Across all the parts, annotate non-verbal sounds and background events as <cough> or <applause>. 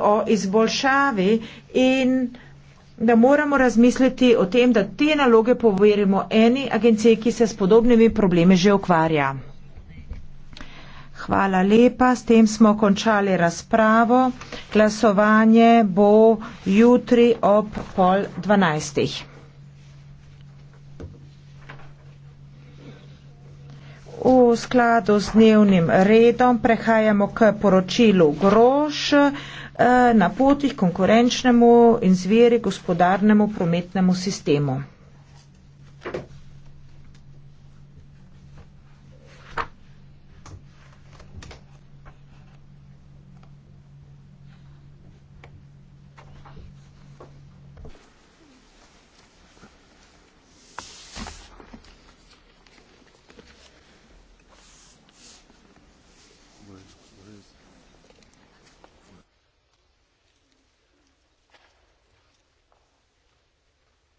o izboljšavi in da moramo razmisliti o tem, da te naloge poverimo eni agenciji, ki se s podobnimi problemi že ukvarja. Hvala lepa, s tem smo končali razpravo. Glasovanje bo jutri ob pol dvanajstih. V skladu z dnevnim redom prehajamo k poročilu Groš. Uh, Eh, na poti k konkurenčnemu in zveri gospodarnemu prometnemu sistemu.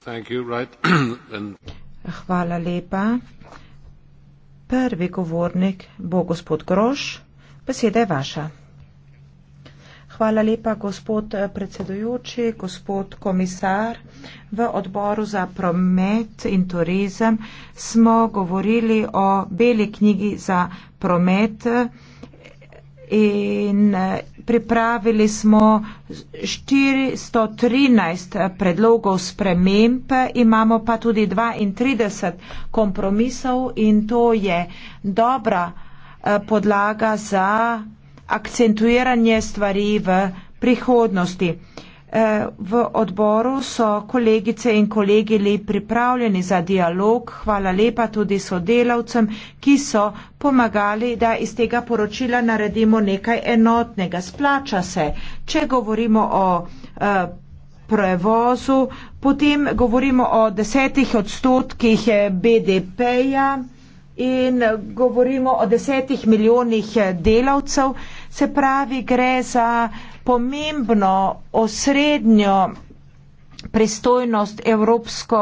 <clears throat> Hvala lepa. Prvi govornik bo gospod Groš. Beseda je vaša. Hvala lepa, gospod eh, predsedujoči, gospod komisar. V odboru za promet in turizem smo govorili o beli knjigi za promet in eh, pripravili smo 413 eh, predlogov sprememb, imamo pa tudi 32 kompromisov in to je dobra eh, podlaga za akcentuiranje stvari v prihodnosti. Uh, Eh, v odboru so kolegice in kolegi le pripravljeni za dialog. Hvala lepa tudi sodelavcem, ki so pomagali, da iz tega poročila naredimo nekaj enotnega. Splača se. Če govorimo o eh, prevozu, potem govorimo o desetih odstotkih eh, BDP-ja in govorimo o desetih milijonih delavcev. Se pravi, gre za pomembno osrednjo pristojnost evropsko,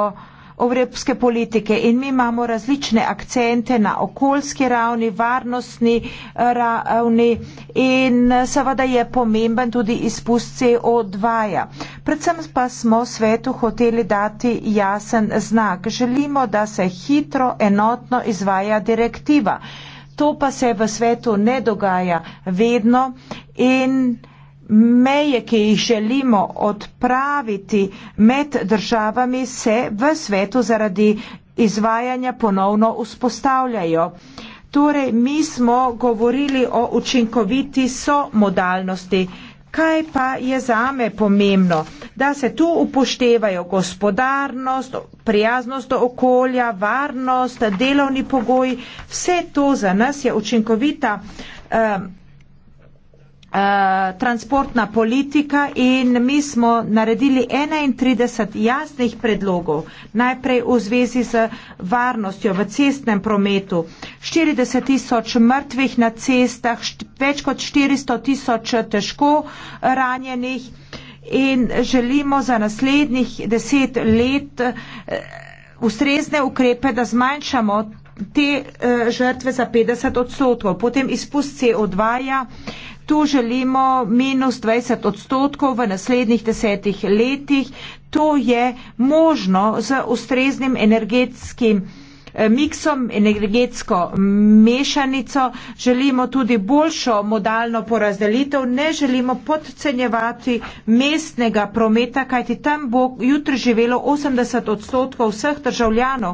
evropske politike in mi imamo različne akcente na okoljski ravni, varnostni eh, ravni in eh, seveda je pomemben tudi izpust CO2. -ja. Predvsem pa smo svetu hoteli dati jasen znak. Želimo, da se hitro, enotno izvaja direktiva. To pa se v svetu ne dogaja vedno in meje, ki jih želimo odpraviti med državami, se v svetu zaradi izvajanja ponovno vzpostavljajo. Torej, mi smo govorili o učinkoviti somodalnosti. Kaj pa je zame pomembno? Da se tu upoštevajo gospodarnost, prijaznost do okolja, varnost, delovni pogoj. Vse to za nas je učinkovita. Um, Eh, transportna politika in mi smo naredili 31 jasnih predlogov, najprej v zvezi z varnostjo v cestnem prometu. 40 tisoč mrtvih na cestah, več kot 400 tisoč težko ranjenih in želimo za naslednjih deset let eh, ustrezne ukrepe, da zmanjšamo te e, žrtve za 50 odstotkov. Potem izpust CO2 -ja, tu želimo minus 20 odstotkov v naslednjih desetih letih. To je možno z ustreznim energetskim Eh, miksom, energetsko mešanico, želimo tudi boljšo modalno porazdelitev, ne želimo podcenjevati mestnega prometa, kajti tam bo jutri živelo 80 odstotkov vseh državljanov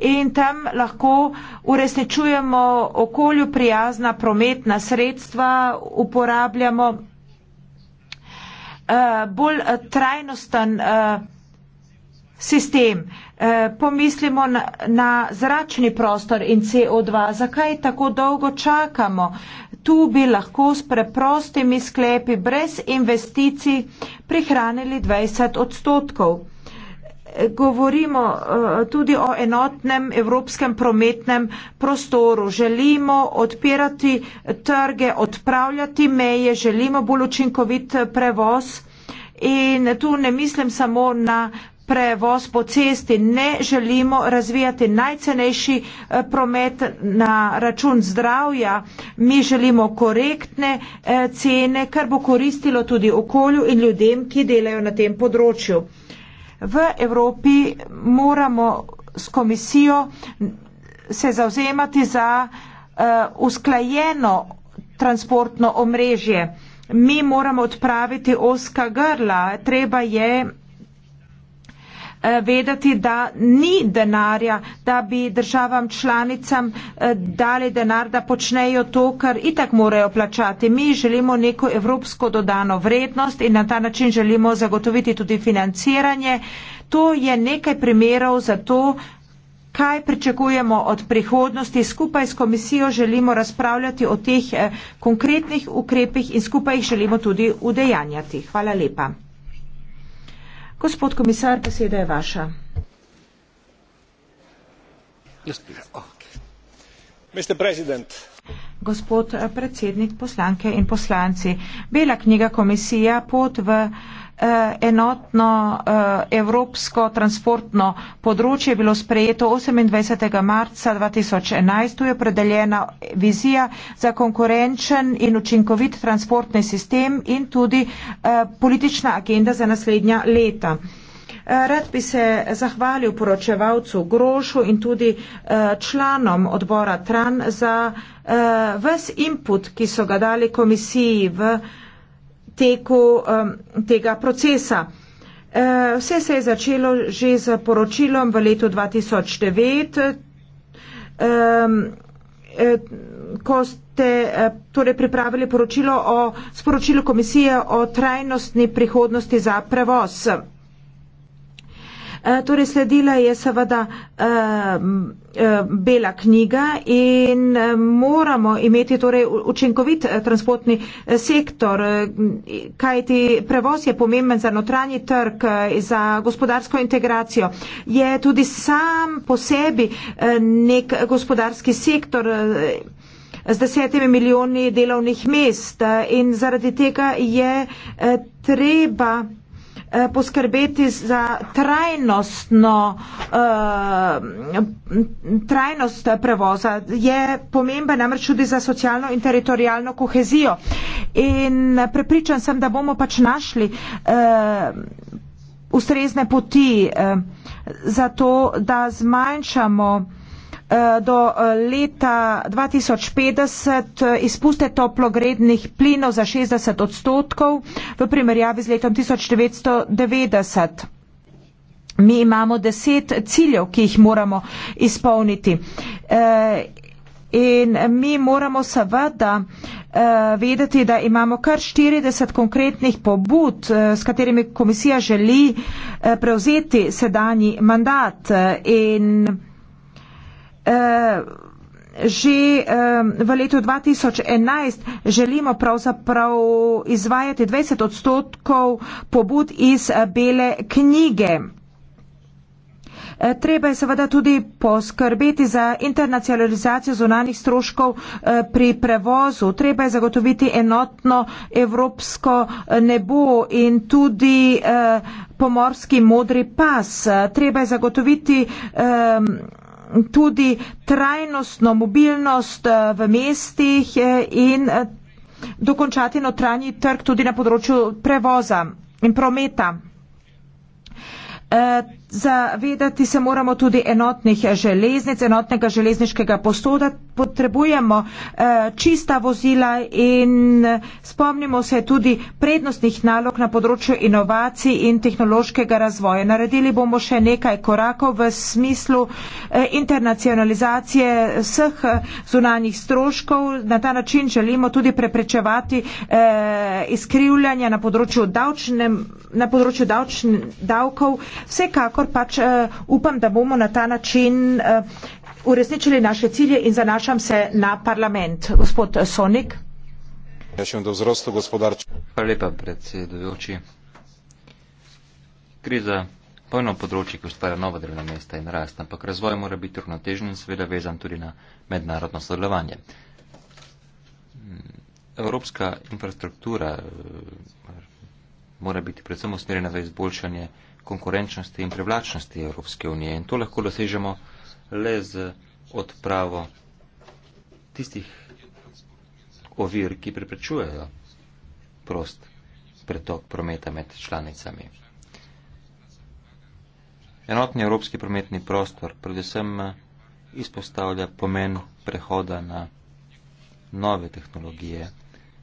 in tam lahko uresničujemo okolju prijazna prometna sredstva, uporabljamo uh, bolj uh, trajnosten uh, sistem. Uh, Eh, pomislimo na, na zračni prostor in CO2. Zakaj tako dolgo čakamo? Tu bi lahko s preprostimi sklepi brez investicij prihranili 20 odstotkov. Eh, govorimo eh, tudi o enotnem evropskem prometnem prostoru. Želimo odpirati trge, odpravljati meje, želimo bolj učinkovit prevoz. In tu ne mislim samo na prevoz po cesti, ne želimo razvijati najcenejši eh, promet na račun zdravja, mi želimo korektne eh, cene, kar bo koristilo tudi okolju in ljudem, ki delajo na tem področju. V Evropi moramo s komisijo se zauzemati za uh, usklajeno transportno omrežje. Mi moramo odpraviti oska grla, treba je Eh, vedeti, da ni denarja, da bi državam članicam eh, dali denar, da počnejo to, kar itak morajo plačati. Mi želimo neko evropsko dodano vrednost in na ta način želimo zagotoviti tudi financiranje. To je nekaj primerov za to, kaj pričakujemo od prihodnosti. Skupaj s komisijo želimo razpravljati o teh eh, konkretnih ukrepih in skupaj jih želimo tudi udejanjati. Hvala lepa. Gospod komisar, beseda je vaša. Gospod eh, predsednik, poslanke in poslanci, bela knjiga komisija pot v Eh, enotno eh, evropsko transportno področje je bilo sprejeto 28. marca 2011. Tu je opredeljena vizija za konkurenčen in učinkovit transportni sistem in tudi eh, politična agenda za naslednja leta. Rad bi se zahvalil poročevalcu Grošu in tudi članom odbora Tran za ves input, ki so ga dali komisiji v teku um, tega procesa. E, vse se je začelo že z poročilom v letu 2009, um, eh, ko ste eh, torej pripravili poročilo o sporočilu komisije o trajnostni prihodnosti za prevoz. Eh, torej sledila je seveda eh, eh, bela knjiga in moramo imeti torej učinkovit transportni sektor, kajti prevoz je pomemben za notranji trg, za gospodarsko integracijo. Je tudi sam po sebi nek gospodarski sektor z desetimi milijoni delovnih mest in zaradi tega je treba Eh, poskrbeti za trajnostno, uh, trajnost prevoza. Je pomemben namreč tudi za socialno in teritorijalno kohezijo. In prepričan sem, da bomo pač našli uh, ustrezne poti uh, za to, da zmanjšamo uh, Eh, do eh, leta 2050 eh, izpuste toplogrednih plinov za 60 odstotkov v primerjavi z letom 1990. Mi imamo deset ciljev, ki jih moramo izpolniti. E, in mi moramo seveda e, vedeti, da imamo kar 40 konkretnih pobud, e, s katerimi komisija želi e, prevzeti sedanji mandat. E, in Eh, že eh, v letu 2011 želimo pravzaprav izvajati 20 odstotkov pobud iz eh, bele knjige. Treba je seveda tudi poskrbeti za internacionalizacijo zunanih stroškov pri prevozu. Treba je zagotoviti enotno evropsko nebo in tudi pomorski modri pas. Treba je zagotoviti tudi trajnostno mobilnost eh, v mestih eh, in eh, dokončati notranji trg tudi na področju prevoza in prometa. Zavedati se moramo tudi enotnih železnic, enotnega železniškega posoda. Potrebujemo eh, čista vozila in eh, spomnimo se tudi prednostnih nalog na področju inovacij in tehnološkega razvoja. Naredili bomo še nekaj korakov v smislu eh, internacionalizacije vseh zunanjih stroškov. Na ta način želimo tudi preprečevati iskrivljanja na področju, davčne, na področju davčne, davkov. Vsekako vsekakor pač uh, upam, da bomo na ta način uh, uresničili naše cilje in zanašam se na parlament. Gospod Sonik. Ja še do vzrostu gospodarče. Hvala lepa, predsedujoči. Kriza pojno področje, ki ustvarja nova delovna mesta in rast, ampak razvoj mora biti uravnotežen in seveda vezan tudi na mednarodno sodelovanje. Evropska infrastruktura eh, mora biti predvsem usmerjena v izboljšanje konkurenčnosti in privlačnosti Evropske unije. In to lahko dosežemo le z odpravo tistih ovir, ki preprečujejo prost pretok prometa med članicami. Enotni evropski prometni prostor predvsem eh, izpostavlja pomen prehoda na nove tehnologije,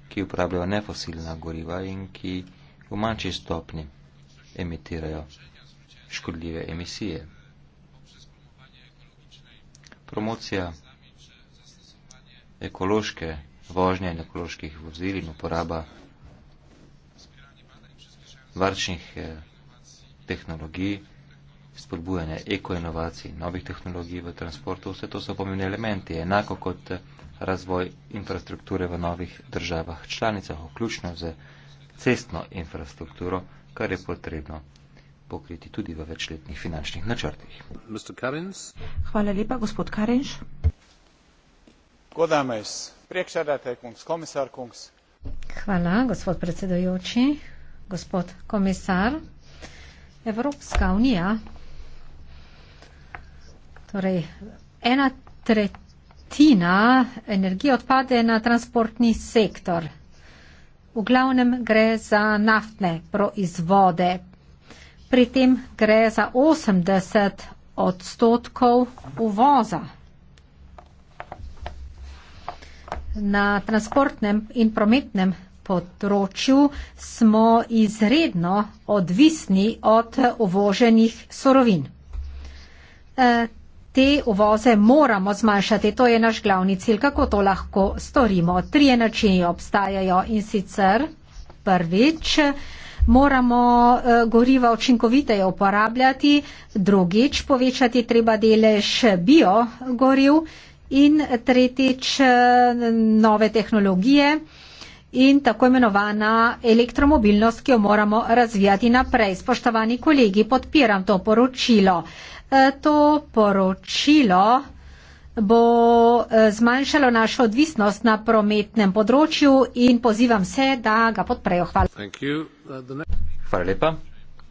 ki uporabljajo nefosilna goriva in ki v manjši stopni emitirajo škodljive emisije. Promocija ekološke vožnje in ekoloških vozil in uporaba varčnih eh, tehnologij, spodbujanje ekoinovacij, novih tehnologij v transportu, vse to so pomembni elementi, enako kot eh, razvoj infrastrukture v novih državah članicah, vključno z cestno infrastrukturo kar je potrebno pokriti tudi v večletnih finančnih načrtih. Hvala lepa, gospod Karenš. Hvala, gospod predsedojoči, gospod komisar. Evropska unija, torej ena tretjina energije odpade na transportni sektor. V glavnem gre za naftne proizvode. Pri tem gre za 80 odstotkov uvoza. Na transportnem in prometnem področju smo izredno odvisni od uvoženih sorovin. Eh, te uvoze moramo zmanjšati, to je naš glavni cilj, kako to lahko storimo. Trije načini obstajajo in sicer prvič moramo eh, goriva učinkoviteje uporabljati, drugič povečati treba delež bio goriv in tretjič eh, nove tehnologije in tako imenovana elektromobilnost, ki jo moramo razvijati naprej. Spoštovani kolegi, podpiram to poročilo. Eh, to poročilo bo eh, zmanjšalo našo odvisnost na prometnem področju in pozivam vse, da ga podprejo. Hvala. Uh, Hvala lepa.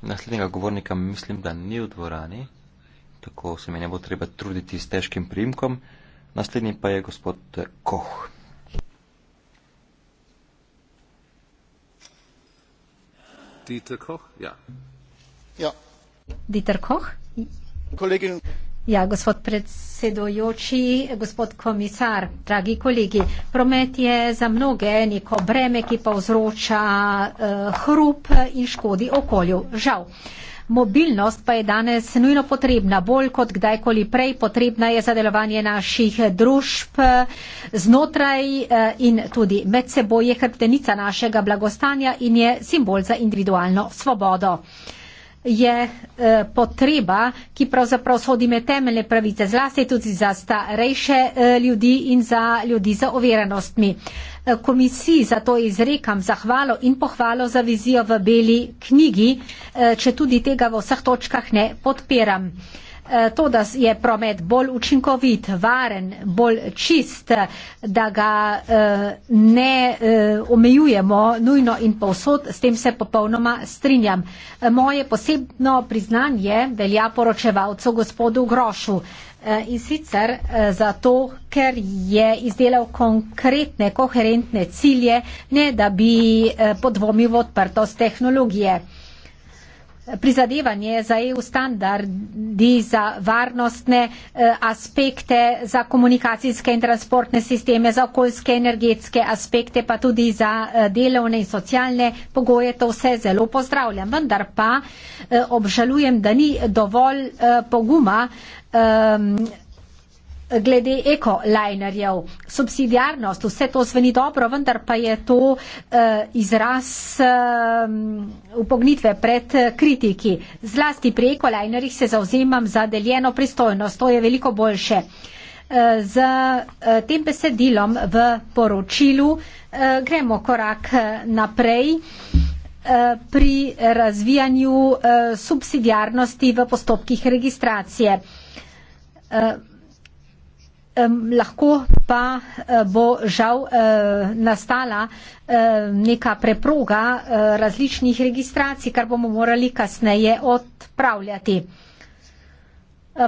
Naslednjega govornika mislim, da ni v dvorani, tako se mi ne bo treba truditi s težkim primkom. Naslednji pa je gospod eh, Koh. Dieter Koch, ja. Ja. Dieter Koch? Ja, gospod predsedojoči, gospod komisar, dragi kolegi, promet je za mnoge neko breme, ki pa vzroča uh, eh, hrup in škodi okolju. Žal. Mobilnost pa je danes nujno potrebna, bolj kot kdajkoli prej potrebna je za delovanje naših družb eh, znotraj eh, in tudi med seboj je hrbtenica našega blagostanja in je simbol za individualno svobodo. Uh, je eh, potreba, ki pravzaprav sodi med temeljne pravice, zlasti tudi za starejše eh, ljudi in za ljudi z overenostmi. Eh, komisiji zato izrekam zahvalo in pohvalo za vizijo v beli knjigi, če tudi tega v vseh točkah ne podpiram. Eh, to, da je promet bolj učinkovit, varen, bolj čist, da ga eh, ne eh, omejujemo nujno in povsod, s tem se popolnoma strinjam. Moje posebno priznanje velja poročevalcu gospodu Grošu. In sicer zato, ker je izdelal konkretne, koherentne cilje, ne da bi podvomil v odprtost tehnologije prizadevanje za EU standardi, za varnostne eh, aspekte, za komunikacijske in transportne sisteme, za okoljske energetske aspekte, pa tudi za eh, delovne in socialne pogoje. To vse zelo pozdravljam. Vendar pa eh, obžalujem, da ni dovolj poguma glede ekolinerjev. Subsidijarnost, vse to zveni dobro, vendar pa je to eh, izraz eh, upognitve pred eh, kritiki. Zlasti pri ekolinerjih se zauzemam za deljeno pristojnost, to je veliko boljše. Eh, z eh, tem besedilom v poročilu gremo korak naprej pri razvijanju subsidijarnosti v postopkih registracije lahko pa eh, bo žal eh, nastala eh, neka preproga različnih registracij, kar bomo morali kasneje odpravljati.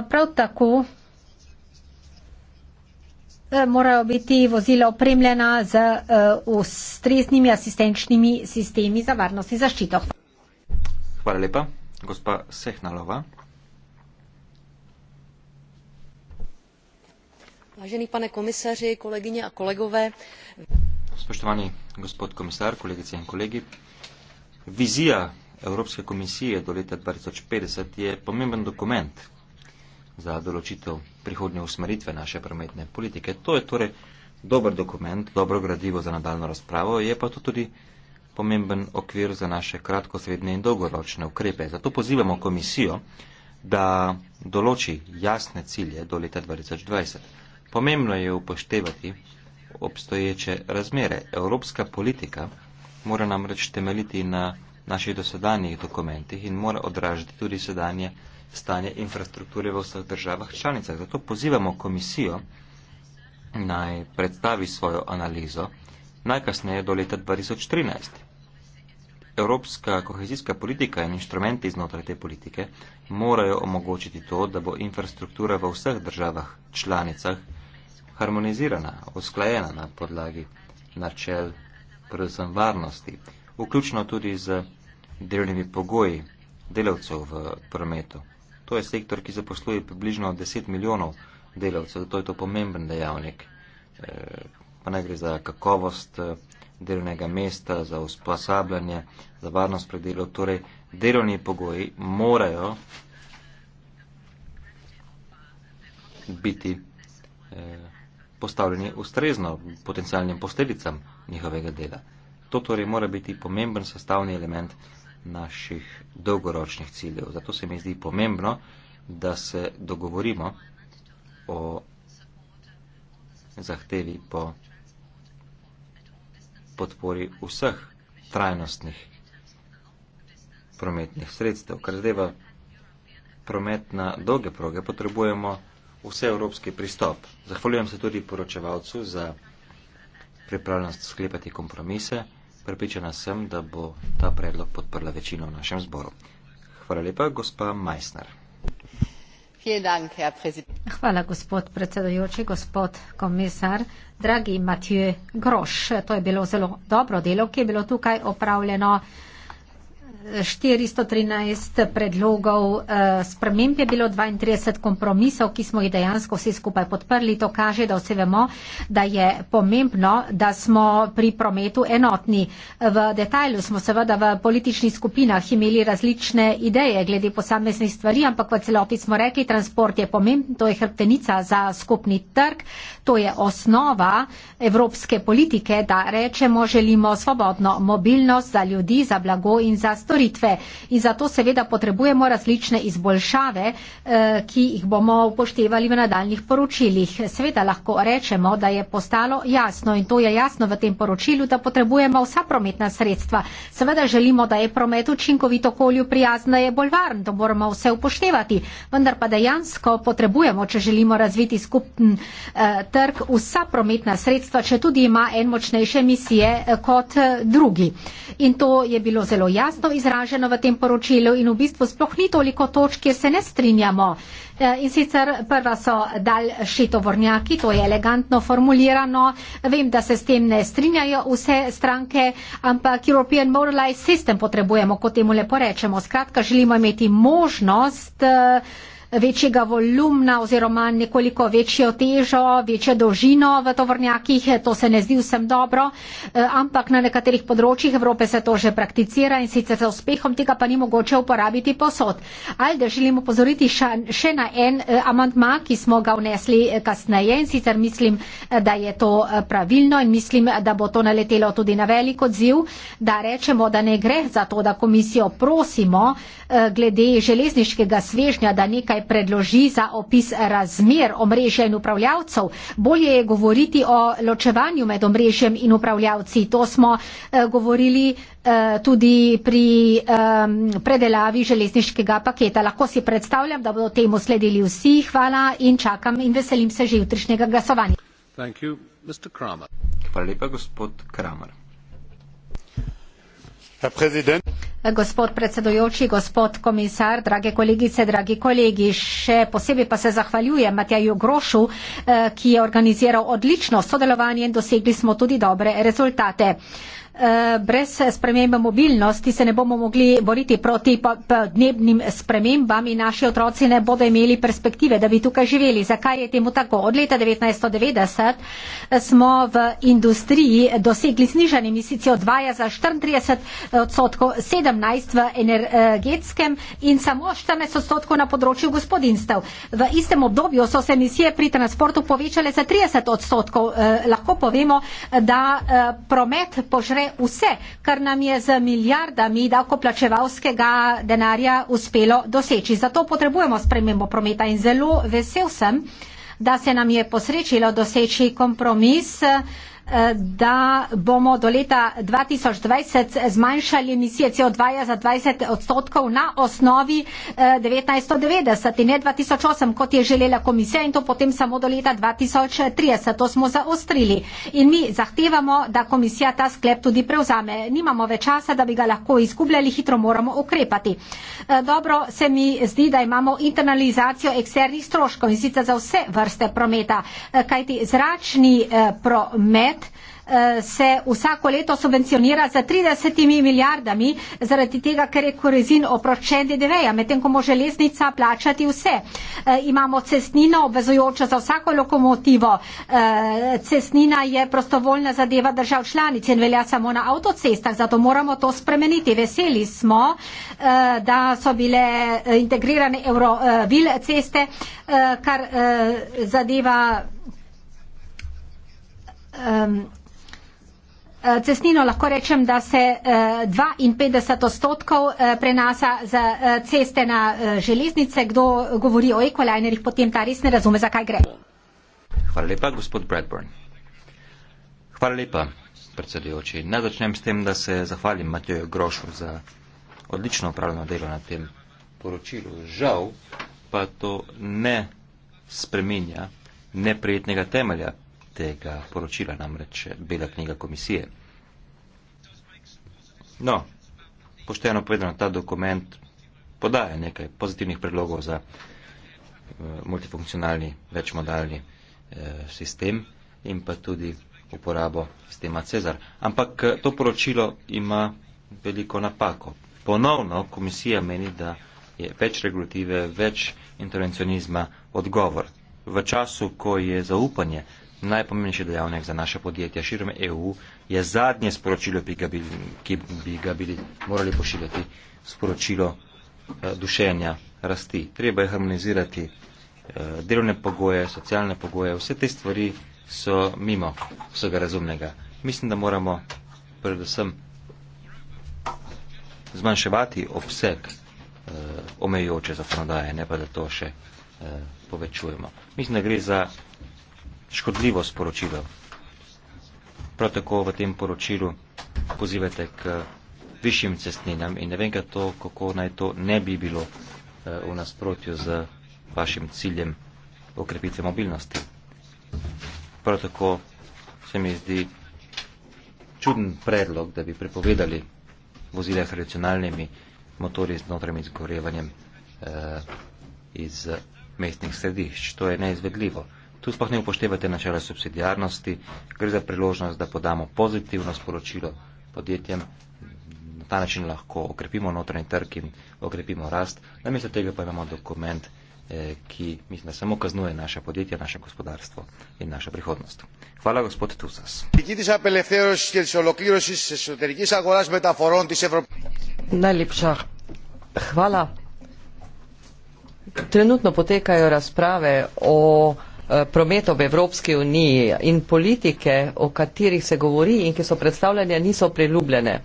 Prav tako morajo biti vozila opremljena z ustreznimi asistenčnimi sistemi za varnost in zaščito. Hvala lepa. Gospa Sehnalova. vážený pane komisaři, kolegyně a kolegové. Spoštovani gospod komisar, kolegice in kolegi. Vizija Evropske komisije do leta 2050 je pomemben dokument za določitev prihodnje usmeritve naše prometne politike. To je torej dober dokument, dobro gradivo za nadaljno razpravo, je pa to tudi pomemben okvir za naše kratkosredne in dolgoročne ukrepe. Zato pozivamo komisijo, da določi jasne cilje do leta 2020. Pomembno je upoštevati obstoječe razmere. Evropska politika mora namreč temeljiti na naših dosedanjih dokumentih in mora odražati tudi sedanje stanje infrastrukture v vseh državah članicah. Zato pozivamo komisijo naj predstavi svojo analizo najkasneje do leta 2013. Evropska kohezijska politika in inštrumenti znotraj te politike morajo omogočiti to, da bo infrastruktura v vseh državah članicah harmonizirana, usklajena na podlagi načel predvsem varnosti, vključno tudi z delovnimi pogoji delavcev v prometu. To je sektor, ki zaposluje približno 10 milijonov delavcev, zato je to pomemben dejavnik, eh, pa naj gre za kakovost eh, delovnega mesta, za usposabljanje, za varnost pri delu. Torej, delovni pogoji morajo biti eh, postavljeni ustrezno potencijalnim posledicam njihovega dela. To torej mora biti pomemben sestavni element naših dolgoročnih ciljev. Zato se mi zdi pomembno, da se dogovorimo o zahtevi po podpori vseh trajnostnih prometnih sredstev, ker zdaj v promet na dolge proge potrebujemo vseevropski pristop. Zahvaljujem se tudi poročevalcu za pripravljenost sklepati kompromise. Pripričana sem, da bo ta predlog podprla večino v našem zboru. Hvala lepa, gospa Meissner. Hvala, gospod predsedujoči, gospod komisar, dragi Matije Groš. To je bilo zelo dobro delo, ki je bilo tukaj opravljeno. 413 predlogov eh, sprememb je bilo 32 kompromisov, ki smo jih dejansko vsi skupaj podprli. To kaže, da vse vemo, da je pomembno, da smo pri prometu enotni. V detajlu smo seveda v političnih skupinah imeli različne ideje glede posameznih stvari, ampak v celoti smo rekli, transport je pomemben, to je hrbtenica za skupni trg, to je osnova evropske politike, da rečemo, želimo svobodno mobilnost za ljudi, za blago in za storitev storitve. In zato seveda potrebujemo različne izboljšave, eh, ki jih bomo upoštevali v nadaljnih poročilih. Seveda lahko rečemo, da je postalo jasno in to je jasno v tem poročilu, da potrebujemo vsa prometna sredstva. Seveda želimo, da je promet učinkovito okolju prijazno, da je bolj varen, to moramo vse upoštevati. Vendar pa dejansko potrebujemo, če želimo razviti skupen eh, trg, vsa prometna sredstva, če tudi ima en močnejše misije eh, kot drugi. In to je bilo zelo jasno iz izraženo v tem poročilu in v bistvu sploh ni toliko točk, kjer se ne strinjamo. E, in sicer prva so daljši tovornjaki, to je elegantno formulirano, vem, da se s tem ne strinjajo vse stranke, ampak European Moral Life System potrebujemo, kot temu lepo rečemo. Skratka, želimo imeti možnost. Uh, večjega volumna oziroma nekoliko večjo težo, večjo dolžino v tovornjakih, to se ne zdi vsem dobro, eh, ampak na nekaterih področjih Evrope se to že prakticira in sicer za uspehom tega pa ni mogoče uporabiti posod. Ali da želimo pozoriti še na en eh, amantma, ki smo ga vnesli eh, kasneje in sicer mislim, da je to pravilno in mislim, da bo to naletelo tudi na velik odziv, da rečemo, da ne gre za to, da komisijo prosimo glede železniškega svežnja, da nekaj predloži za opis razmer omrežja in upravljavcev. Bolje je govoriti o ločevanju med omrežjem in upravljavci. To smo eh, govorili eh, tudi pri predelavi železniškega paketa. Lahko si predstavljam, da bodo temu sledili vsi. Hvala in čakam in veselim se že jutrišnjega glasovanja. Hvala lepa, gospod Kramer. Gospod predsedujoči, gospod komisar, drage kolegice, dragi kolegi, še posebej pa se zahvaljujem Matjaju Grošu, eh, ki je organiziral odlično sodelovanje in dosegli smo tudi dobre rezultate. Eh, brez spremembe mobilnosti se ne bomo mogli boriti proti podnebnim spremembam in naši otroci ne bodo imeli perspektive, da bi tukaj živeli. Zakaj je temu tako? Od leta 1990 eh, smo v industriji dosegli znižanje emisij CO2 ja za 34 eh, odstotkov, 17 v energetskem in samo 14 odstotkov na področju gospodinstv. V istem obdobju so se emisije pri transportu povečale za 30 odstotkov. Eh, lahko povemo, da eh, promet požre vse, kar nam je z milijardami davkoplačevalskega denarja uspelo doseči. Zato potrebujemo spremembo prometa in zelo vesel sem, da se nam je posrečilo doseči kompromis. Uh, Eh, da bomo do leta 2020 zmanjšali emisije CO2 ja za 20 odstotkov na osnovi 1990 eh, in ne 2008, kot je želela komisija in to potem samo do leta 2030. To smo zaostrili in mi zahtevamo, da komisija ta sklep tudi prevzame. Nimamo več časa, da bi ga lahko izgubljali, hitro moramo ukrepati. Eh, dobro se mi zdi, da imamo internalizacijo eksternih stroškov in sicer za vse vrste prometa, kajti zračni promet promet eh, se vsako leto subvencionira za 30 milijardami zaradi tega, ker je korezin oproščen DDV-ja, medtem ko može lesnica plačati vse. E, imamo cestnino obvezujočo za vsako lokomotivo. E, cestnina je prostovoljna zadeva držav članic in velja samo na avtocestah, zato moramo to spremeniti. Veseli smo, e, da so bile integrirane eurovil ceste, e, kar e, zadeva um, cestnino lahko rečem, da se 52 eh, odstotkov eh, prenasa za ceste na železnice. Kdo govori o ekolajnerjih, potem ta res ne razume, zakaj gre. Hvala lepa, gospod Bradburn. Hvala lepa, predsedujoči. Naj začnem s tem, da se zahvalim Matejo Grošu za odlično upravljeno delo na tem poročilu. Žal pa to ne spreminja neprijetnega temelja, tega poročila, namreč Bela knjiga komisije. No, pošteno povedano, ta dokument podaja nekaj pozitivnih predlogov za eh, multifunkcionalni, večmodalni eh, sistem in pa tudi uporabo sistema Cezar. Ampak eh, to poročilo ima veliko napako. Ponovno komisija meni, da je več regulative, več intervencionizma odgovor. V času, ko je zaupanje najpomembnejši dejavnik za naše podjetja širom EU, je zadnje sporočilo, bi bili, ki bi ga bili morali pošiljati, sporočilo eh, dušenja, rasti. Treba je harmonizirati eh, delovne pogoje, socialne pogoje, vse te stvari so mimo vsega razumnega. Mislim, da moramo predvsem zmanjševati obseg eh, omejujoče zakonodaje, ne pa da to še. Eh, Povečujemo. Mislim, da gre za škodljivo sporočilo. Prav tako v tem poročilu pozivate k višjim cestninam in ne vem, to, kako naj to ne bi bilo eh, v nasprotju z vašim ciljem okrepitve mobilnosti. Prav tako se mi zdi čuden predlog, da bi prepovedali vozile s tradicionalnimi motori z notranjim izgorevanjem eh, iz mestnih središč. To je neizvedljivo. Tu sploh ne upoštevate načela subsidijarnosti, gre za priložnost, da podamo pozitivno sporočilo podjetjem, na ta način lahko okrepimo notranji trg in okrepimo rast, namesto tega pa imamo dokument, eh, ki mislim, da samo kaznuje naše podjetje, naše gospodarstvo in našo prihodnost. Hvala, gospod Tusas. Najlepša hvala. Trenutno potekajo razprave o Eh, prometo v Evropski uniji in politike, o katerih se govori in ki so predstavljene, niso priljubljene.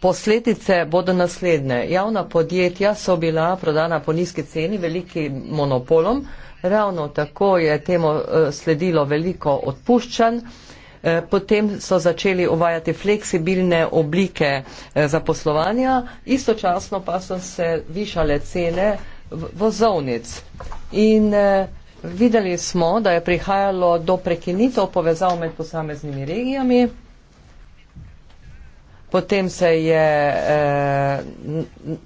Posledice bodo naslednje. Javna podjetja so bila prodana po nizki ceni velikim monopolom, ravno tako je temu eh, sledilo veliko odpuščanj, eh, potem so začeli uvajati fleksibilne oblike zaposlovanja, istočasno pa so se višale cene vozovnic. In eh, videli smo, da je prihajalo do prekinitev povezav med posameznimi regijami. Potem se je eh,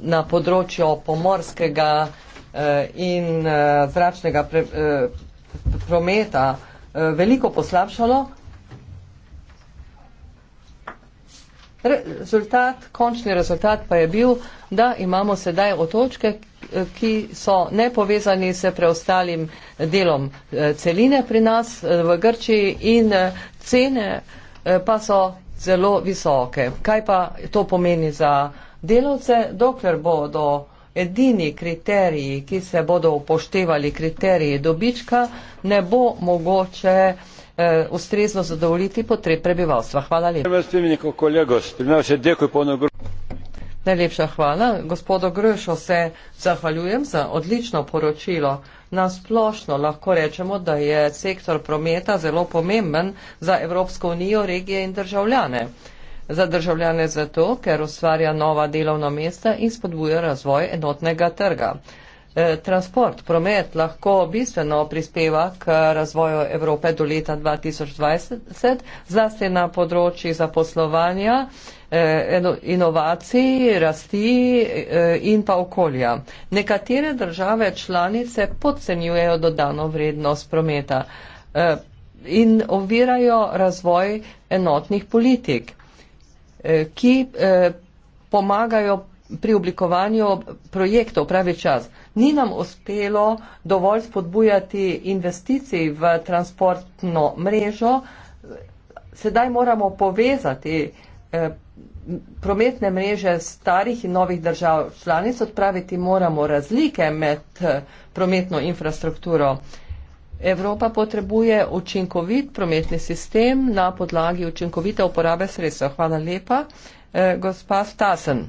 na področju pomorskega eh, in eh, zračnega pre, eh, prometa eh, veliko poslabšalo. Rezultat, končni rezultat pa je bil, da imamo sedaj otočke, ki so nepovezani s preostalim delom eh, celine pri nas eh, v Grčiji in eh, cene pa so zelo visoke. Kaj pa to pomeni za delavce, dokler bodo edini kriteriji, ki se bodo upoštevali kriteriji dobička, ne bo mogoče eh, ustrezno zadovoljiti potreb prebivalstva. Hvala lepa. Najlepša hvala. Gospodo Gršo se zahvaljujem za odlično poročilo. Na splošno lahko rečemo, da je sektor prometa zelo pomemben za Evropsko unijo, regije in državljane. Za državljane zato, ker ustvarja nova delovna mesta in spodbuja razvoj enotnega trga. E, transport, promet lahko bistveno prispeva k razvoju Evrope do leta 2020, zlasti na področjih zaposlovanja Eh, inovacij, rasti eh, in pa okolja. Nekatere države članice podcenjujejo dodano vrednost prometa eh, in ovirajo razvoj enotnih politik, ki pomagajo pri oblikovanju projektov pravi čas. Ni nam uspelo dovolj spodbujati investicij v transportno mrežo, sedaj moramo povezati prometne mreže starih in novih držav članic odpraviti moramo razlike med eh, prometno infrastrukturo. Evropa potrebuje učinkovit prometni sistem na podlagi učinkovite uporabe sredstva. Hvala lepa. Eh, gospa Stasen.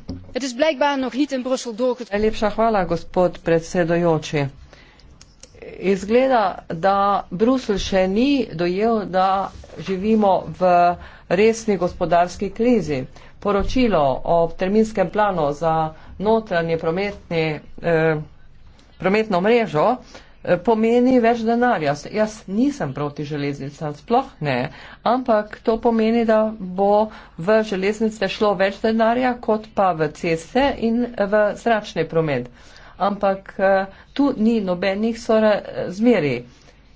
Najlepša hvala, gospod predsedojoči. Izgleda, da Bruselj še ni dojel, da živimo v resni gospodarski krizi poročilo o terminskem planu za notranje prometne, eh, prometno mrežo eh, pomeni več denarja. Jaz nisem proti železnicam, sploh ne, ampak to pomeni, da bo v železnice šlo več denarja kot pa v ceste in v zračni promet. Ampak eh, tu ni nobenih sorazmerij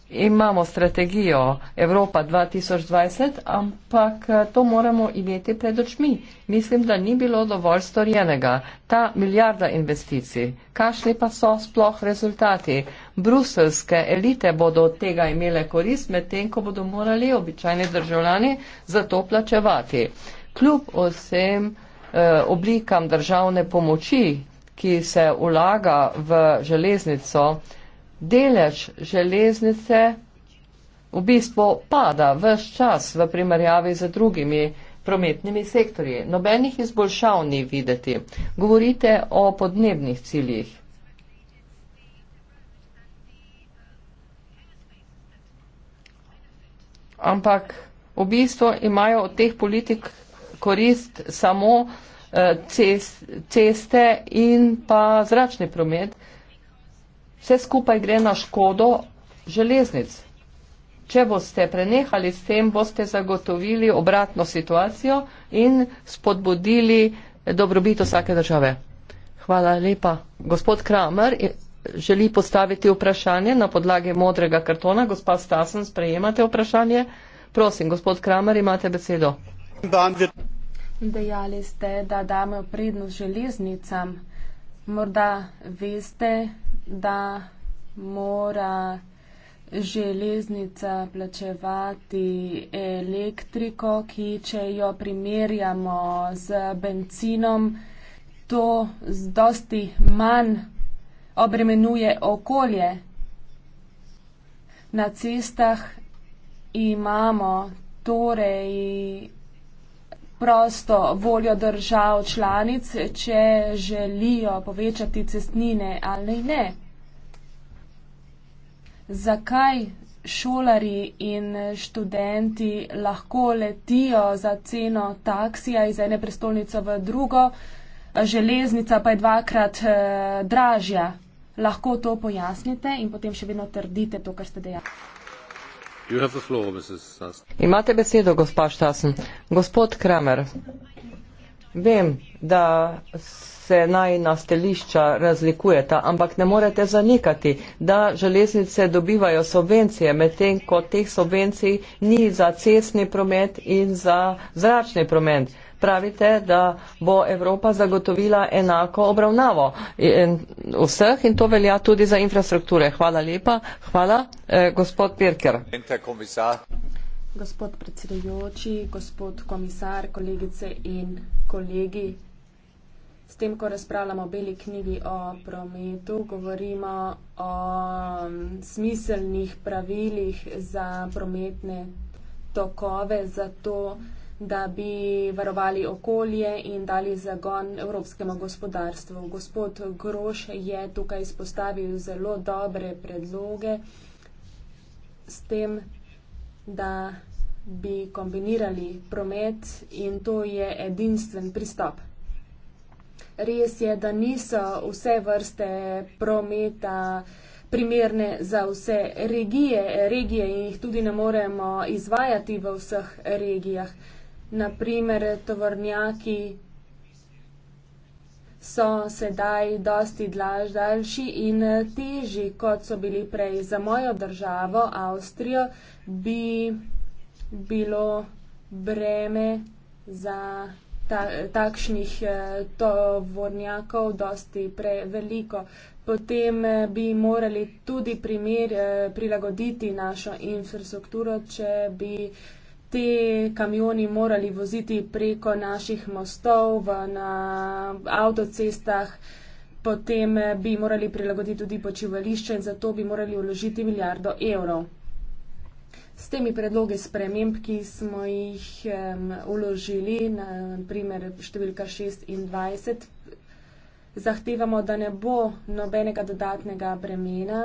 imamo strategijo Evropa 2020, ampak eh, to moramo imeti pred očmi. Mislim, da ni bilo dovolj storjenega. Ta milijarda investicij, kašli pa so sploh rezultati. Bruselske elite bodo od tega imele korist, medtem ko bodo morali običajni državljani za to plačevati. Kljub vsem eh, oblikam državne pomoči, ki se ulaga v železnico, eh, delež železnice v bistvu pada vse čas v primerjavi z drugimi prometnimi sektorji. Nobenih izboljšav ni videti. Govorite o podnebnih ciljih. Ampak v bistvu imajo od teh politik korist samo eh, ceste in pa zračni promet, vse skupaj gre na škodo železnic. Če boste prenehali s tem, boste zagotovili obratno situacijo in spodbudili dobrobit vsake države. Hvala lepa. Gospod Kramer želi postaviti vprašanje na podlagi modrega kartona. Gospa Stasen, sprejemate vprašanje. Prosim, gospod Kramer, imate besedo. Dejali ste, da damo prednost železnicam. Morda veste, da mora železnica plačevati elektriko, ki če jo primerjamo z benzinom, to z dosti manj obremenuje okolje. Na cestah imamo torej prosto voljo držav članic, če želijo povečati cestnine ali ne. Zakaj šolari in študenti lahko letijo za ceno taksija iz ene prestolnice v drugo, železnica pa je dvakrat eh, dražja? Lahko to pojasnite in potem še vedno trdite to, kar ste dejali. Imate besedo, gospa Štasen. Gospod Kramer, vem, da se naj na stelišča razlikujeta, ampak ne morete zanikati, da železnice dobivajo subvencije, medtem ko teh subvencij ni za cestni promet in za zračni promet pravite, da bo Evropa zagotovila enako obravnavo in vseh in to velja tudi za infrastrukture. Hvala lepa. Hvala, eh, gospod Pirker. Gospod predsedujoči, gospod komisar, kolegice in kolegi. S tem, ko razpravljamo o beli knjigi o prometu, govorimo o smiselnih pravilih za prometne tokove, zato da bi varovali okolje in dali zagon evropskemu gospodarstvu. Gospod Groš je tukaj izpostavil zelo dobre predloge s tem, da bi kombinirali promet in to je edinstven pristop. Res je, da niso vse vrste prometa primerne za vse regije, regije in jih tudi ne moremo izvajati v vseh regijah naprimer tovornjaki so sedaj dosti daljši in težji, kot so bili prej. Za mojo državo, Avstrijo, bi bilo breme za ta, takšnih eh, tovornjakov dosti preveliko. Potem eh, bi morali tudi primer, eh, prilagoditi našo infrastrukturo, če bi eh, ti kamioni morali voziti preko naših mostov na avtocestah, potem eh, bi morali prilagoditi tudi počivališče in zato bi morali vložiti milijardo evrov. S temi predlogi sprememb, ki smo jih um, uložili, naprimer številka 26, zahtevamo, da ne bo nobenega dodatnega bremena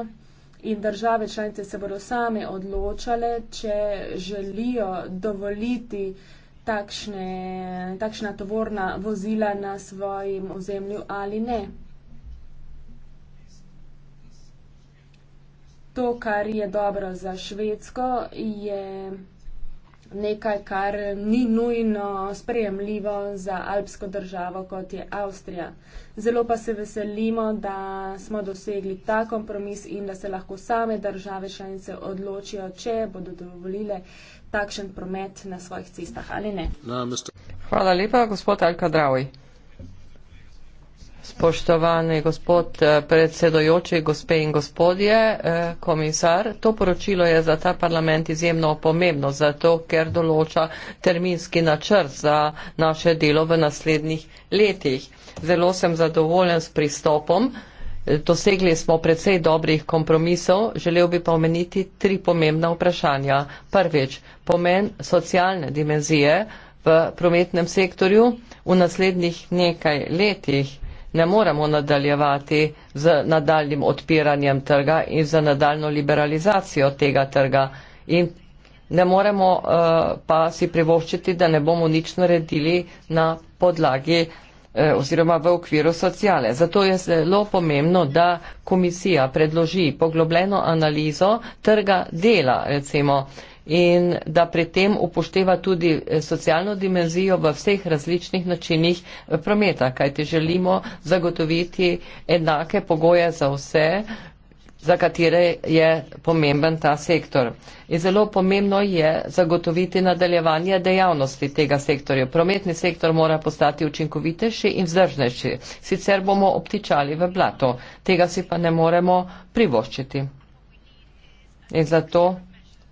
in države članice se bodo same odločale, če želijo dovoliti takšne, takšna tovorna vozila na svojem ozemlju ali ne. To, kar je dobro za Švedsko, je nekaj, kar ni nujno sprejemljivo za alpsko državo, kot je Avstrija. Zelo pa se veselimo, da smo dosegli ta kompromis in da se lahko same države članice odločijo, če bodo dovolile takšen promet na svojih cestah ali ne. Hvala lepa, gospod Alka Dravoj. Spoštovani gospod eh, predsedojoči, gospe in gospodje, eh, komisar, to poročilo je za ta parlament izjemno pomembno, zato ker določa terminski načrt za naše delo v naslednjih letih. Zelo sem zadovoljen s pristopom. Eh, dosegli smo predvsej dobrih kompromisov, želel bi pa omeniti tri pomembna vprašanja. Prvič, pomen socialne dimenzije v prometnem sektorju v naslednjih nekaj letih ne moremo nadaljevati z nadaljnim odpiranjem trga in z nadaljno liberalizacijo tega trga. In ne moremo uh, pa si privoščiti, da ne bomo nič naredili na podlagi eh, oziroma v okviru sociale. Zato je zelo pomembno, da komisija predloži poglobljeno analizo trga dela, recimo, uh, in da pri tem upošteva tudi eh, socialno dimenzijo v vseh različnih načinih eh, prometa, kajti želimo zagotoviti enake pogoje za vse, za katere je pomemben ta sektor. In zelo pomembno je zagotoviti nadaljevanje dejavnosti tega sektorja. Prometni sektor mora postati učinkovitejši in vzdržnejši, sicer bomo obtičali v blato, tega si pa ne moremo privoščiti. In zato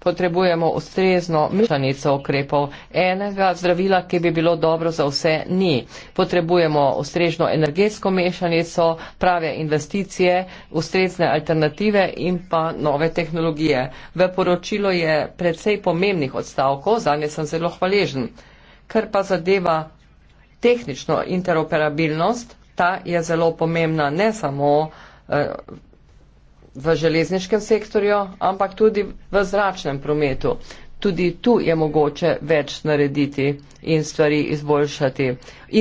Potrebujemo ustrezno mešanico ukrepov. Enega zdravila, ki bi bilo dobro za vse, ni. Potrebujemo ustrezno energetsko mešanico, prave investicije, ustrezne alternative in pa nove tehnologije. V poročilo je predvsej pomembnih odstavkov, za nje sem zelo hvaležen. Kar pa zadeva tehnično interoperabilnost, ta je zelo pomembna ne samo. Eh, v železniškem sektorju, ampak tudi v zračnem prometu. Tudi tu je mogoče več narediti in stvari izboljšati.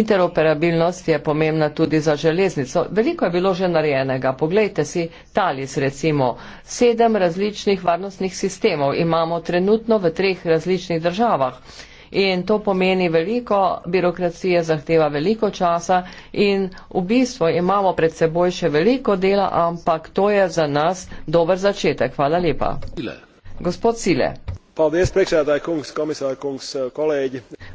Interoperabilnost je pomembna tudi za železnico. Veliko je bilo že narejenega. Poglejte si Talis recimo. Sedem različnih varnostnih sistemov imamo trenutno v treh različnih državah in to pomeni veliko birokracije, zahteva veliko časa in v bistvu imamo pred seboj še veliko dela, ampak to je za nas dober začetek. Hvala lepa. Gospod Sile. Paldies, kungs, kungs,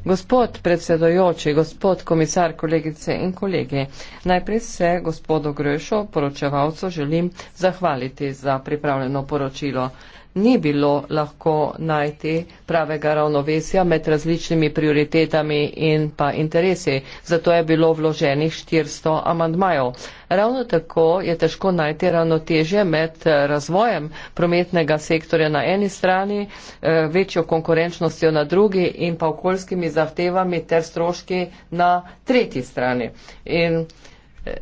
gospod predsedojoči, gospod komisar, kolegice in kolege, najprej se gospodu Grešo, poročevalcu, želim zahvaliti za pripravljeno poročilo ni bilo lahko najti pravega ravnovesja med različnimi prioritetami in pa interesi. Zato je bilo vloženih 400 amandmajev. Ravno tako je težko najti ravnotežje med eh, razvojem prometnega sektorja na eni strani, eh, večjo konkurenčnostjo na drugi in pa okoljskimi zahtevami ter stroški na tretji strani. In eh,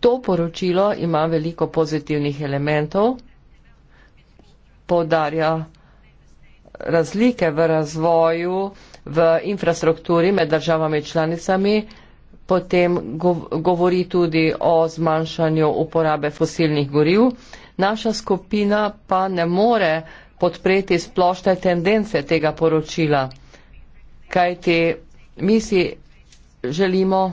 To poročilo ima veliko pozitivnih elementov, podarja razlike v razvoju, v infrastrukturi med državami članicami, potem govori tudi o zmanjšanju uporabe fosilnih goriv. Naša skupina pa ne more podpreti splošne tendence tega poročila, kajti mi si želimo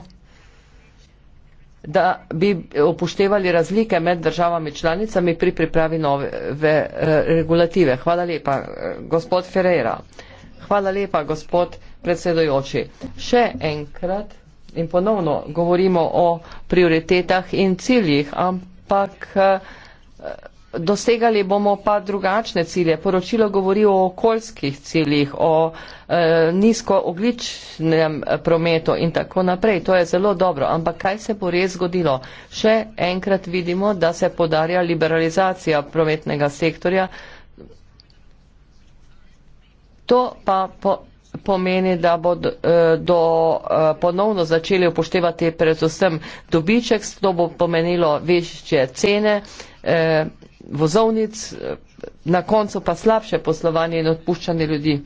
da bi upoštevali razlike med državami članicami pri pripravi nove ve, eh, regulative. Hvala lepa, eh, gospod Ferreira. Hvala lepa, gospod predsedojoči. Še enkrat in ponovno govorimo o prioritetah in ciljih, ampak uh, dosegali bomo pa drugačne cilje. Poročilo govori o okoljskih ciljih, o e, nizkoogličnem prometu in tako naprej. To je zelo dobro. Ampak kaj se bo res zgodilo? Še enkrat vidimo, da se podarja liberalizacija prometnega sektorja. To pa po, pomeni, da bo e, do, do, e, ponovno začeli upoštevati predvsem dobiček, to bo pomenilo večje cene. Eh, vozovnic, na koncu pa slabše poslovanje in odpuščanje ljudi.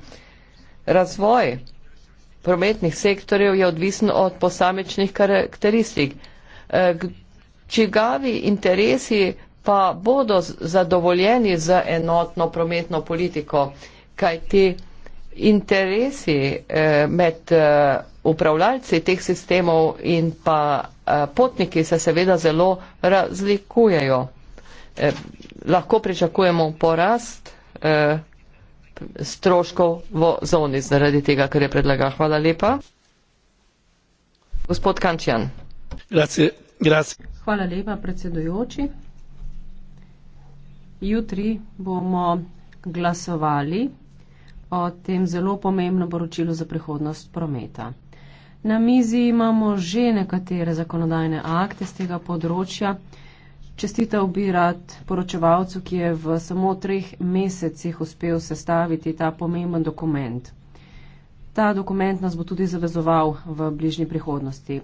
Razvoj prometnih sektorjev je odvisen od posamečnih karakteristik. E, čigavi interesi pa bodo zadovoljeni z enotno prometno politiko, kaj ti interesi e, med e, upravljalci teh sistemov in pa potniki se seveda zelo razlikujejo lahko pričakujemo porast eh, stroškov v zoni zaradi tega, kar je predlagal. Hvala lepa. Gospod Kančjan. Grazie, grazie. Hvala lepa, predsedujoči. Jutri bomo glasovali o tem zelo pomembno poročilo za prihodnost prometa. Na mizi imamo že nekatere zakonodajne akte z tega področja. Čestitev bi rad poročevalcu, ki je v samo treh mesecih uspel sestaviti ta pomemben dokument. Ta dokument nas bo tudi zavezoval v bližnji prihodnosti.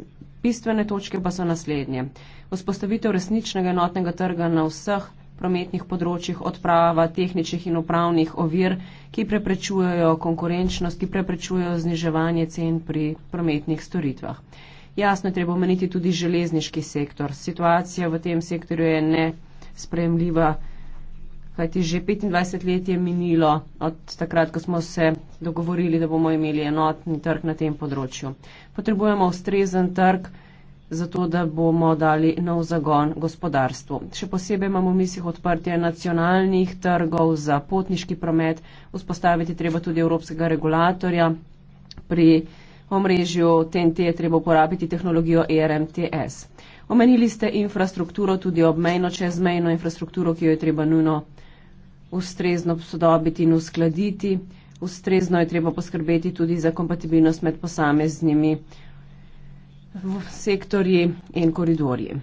Bistvene točke pa so naslednje. Vzpostavitev resničnega enotnega trga na vseh prometnih področjih, odprava tehničnih in upravnih ovir, ki preprečujejo konkurenčnost, ki preprečujejo zniževanje cen pri prometnih storitvah. Jasno je treba omeniti tudi železniški sektor. Situacija v tem sektorju je nespremljiva, kajti že 25 let je minilo od takrat, ko smo se dogovorili, da bomo imeli enotni trg na tem področju. Potrebujemo ustrezen trg zato da bomo dali nov zagon gospodarstvu. Še posebej imamo v mislih odprtje nacionalnih trgov za potniški promet, vzpostaviti treba tudi evropskega regulatorja pri eh, omrežju TNT je treba uporabiti tehnologijo ERMTS. Omenili ste infrastrukturo, tudi obmejno, čezmejno infrastrukturo, ki jo je treba nujno ustrezno posodobiti in uskladiti. Ustrezno je treba poskrbeti tudi za kompatibilnost med posameznimi sektorji in koridorji.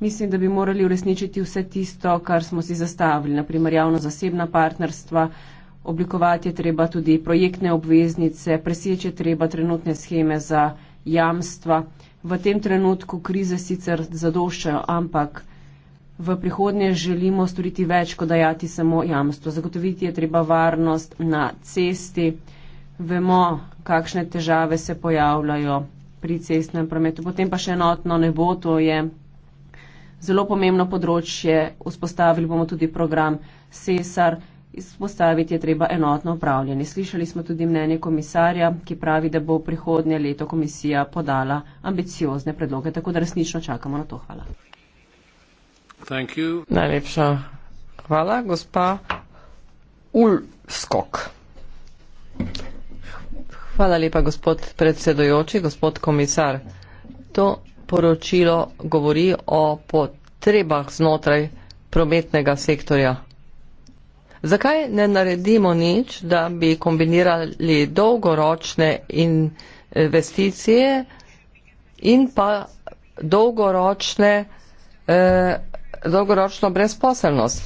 Mislim, da bi morali uresničiti vse tisto, kar smo si zastavili, naprimer javno-zasebna partnerstva, oblikovati je treba tudi projektne obveznice, preseči je treba trenutne scheme za jamstva. V tem trenutku krize sicer zadoščajo, ampak v prihodnje želimo storiti več, kot dajati samo jamstvo. Zagotoviti je treba varnost na cesti. Vemo, kakšne težave se pojavljajo pri cestnem prometu. Potem pa še enotno nebo, to je zelo pomembno področje. Vzpostavili bomo tudi program SESAR. Izpostaviti je treba enotno upravljanje. Slišali smo tudi mnenje komisarja, ki pravi, da bo prihodnje leto komisija podala ambiciozne predloge, tako da resnično čakamo na to. Hvala. Najlepša hvala, gospa Ulskok. Hvala lepa, gospod predsedojoči, gospod komisar. To poročilo govori o potrebah znotraj prometnega sektorja. Zakaj ne naredimo nič, da bi kombinirali dolgoročne investicije in pa dolgoročne, eh, dolgoročno brezposelnost?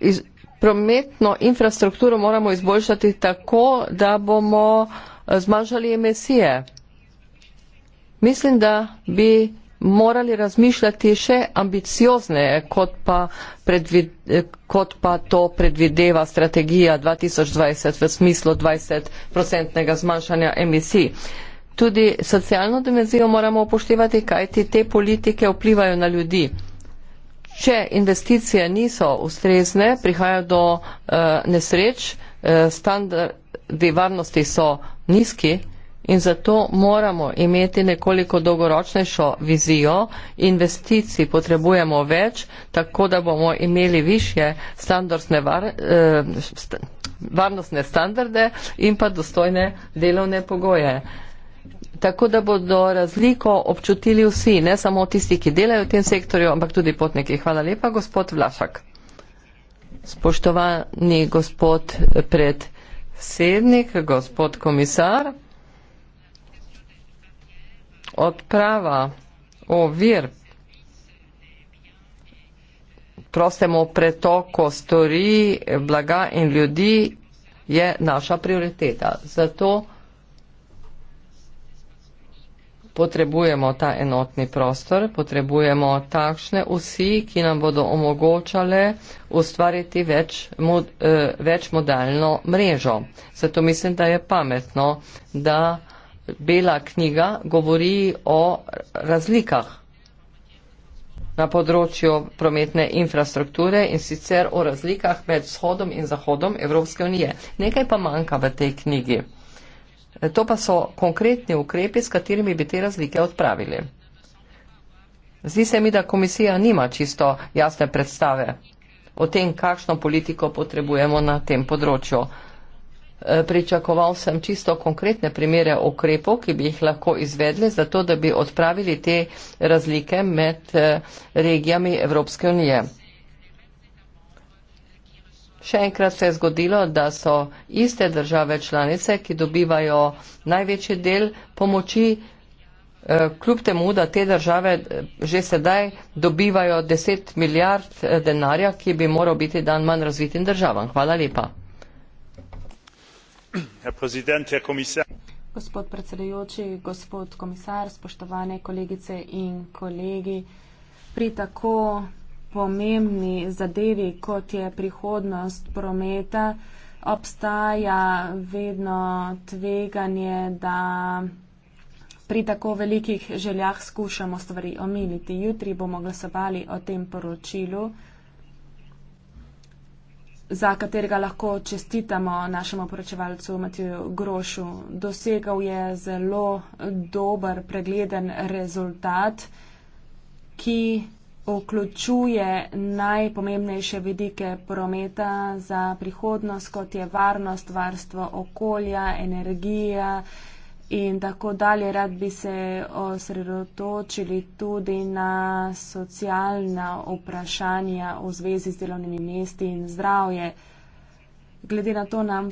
Iz, prometno infrastrukturo moramo izboljšati tako, da bomo eh, zmanjšali emisije. Mislim, da bi morali razmišljati še ambiciozneje, kot pa, predvid, kot pa to predvideva strategija 2020 v smislu 20-procentnega zmanjšanja emisij. Tudi socialno dimenzijo moramo upoštevati, kajti te politike vplivajo na ljudi. Če investicije niso ustrezne, prihaja do uh, nesreč, uh, standardi varnosti so nizki, uh, in zato moramo imeti nekoliko dolgoročnejšo vizijo, investicij potrebujemo več, tako da bomo imeli više standardne var, eh, varnostne standarde in pa dostojne delovne pogoje. Tako da bodo razliko občutili vsi, ne samo tisti, ki delajo v tem sektorju, ampak tudi potniki. Hvala lepa, gospod Vlašak. Spoštovani gospod predsednik, gospod komisar odprava ovir prostemu pretoku stori blaga in ljudi je naša prioriteta. Zato potrebujemo ta enotni prostor, potrebujemo takšne vsi, ki nam bodo omogočale ustvariti več, mod, eh, več modalno mrežo. Zato mislim, da je pametno, da bela knjiga govori o razlikah na področju prometne infrastrukture in sicer o razlikah med vzhodom in zahodom Evropske unije. Nekaj pa manjka v tej knjigi. To pa so konkretni ukrepi, s katerimi bi te razlike odpravili. Zdi se mi, da komisija nima čisto jasne predstave o tem, kakšno politiko potrebujemo na tem področju. Eh, pričakoval sem čisto konkretne primere ukrepov, ki bi jih lahko izvedli, zato da bi odpravili te razlike med eh, regijami Evropske unije. Še enkrat se je zgodilo, da so iste države članice, ki dobivajo največji del pomoči, eh, kljub temu, da te države že sedaj dobivajo 10 milijard denarja, ki bi moral biti dan manj razvitim državam. Hvala lepa gospod predsedujoči, gospod komisar, spoštovane kolegice in kolegi. Pri tako pomembni zadevi, kot je prihodnost prometa, obstaja vedno tveganje, da pri tako velikih željah skušamo stvari omiliti. Jutri bomo glasovali o tem poročilu za katerega lahko čestitamo našemu poročevalcu Matiju Grošu. Dosegal je zelo dober, pregleden rezultat, ki vključuje najpomembnejše vidike prometa za prihodnost, kot je varnost, varstvo okolja, energija, in tako dalje. Rad bi se osredotočili tudi na socialna vprašanja v zvezi z delovnimi mesti in zdravje. Glede na to, nam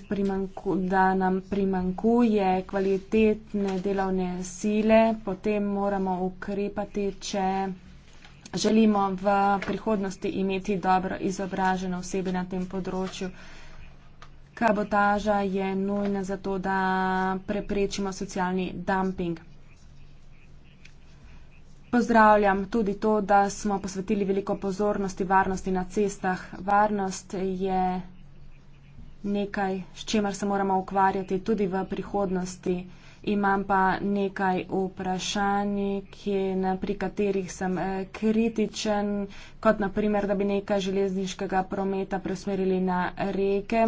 da nam primankuje kvalitetne delovne sile, potem moramo ukrepati, če želimo v prihodnosti imeti dobro izobražene osebe na tem področju kabotaža je nujna za to, da preprečimo socialni dumping. Pozdravljam tudi to, da smo posvetili veliko pozornosti varnosti na cestah. Varnost je nekaj, s čemer se moramo ukvarjati tudi v prihodnosti. Imam pa nekaj vprašanj, pri katerih sem eh, kritičen, kot naprimer, da bi nekaj železniškega prometa preusmerili na reke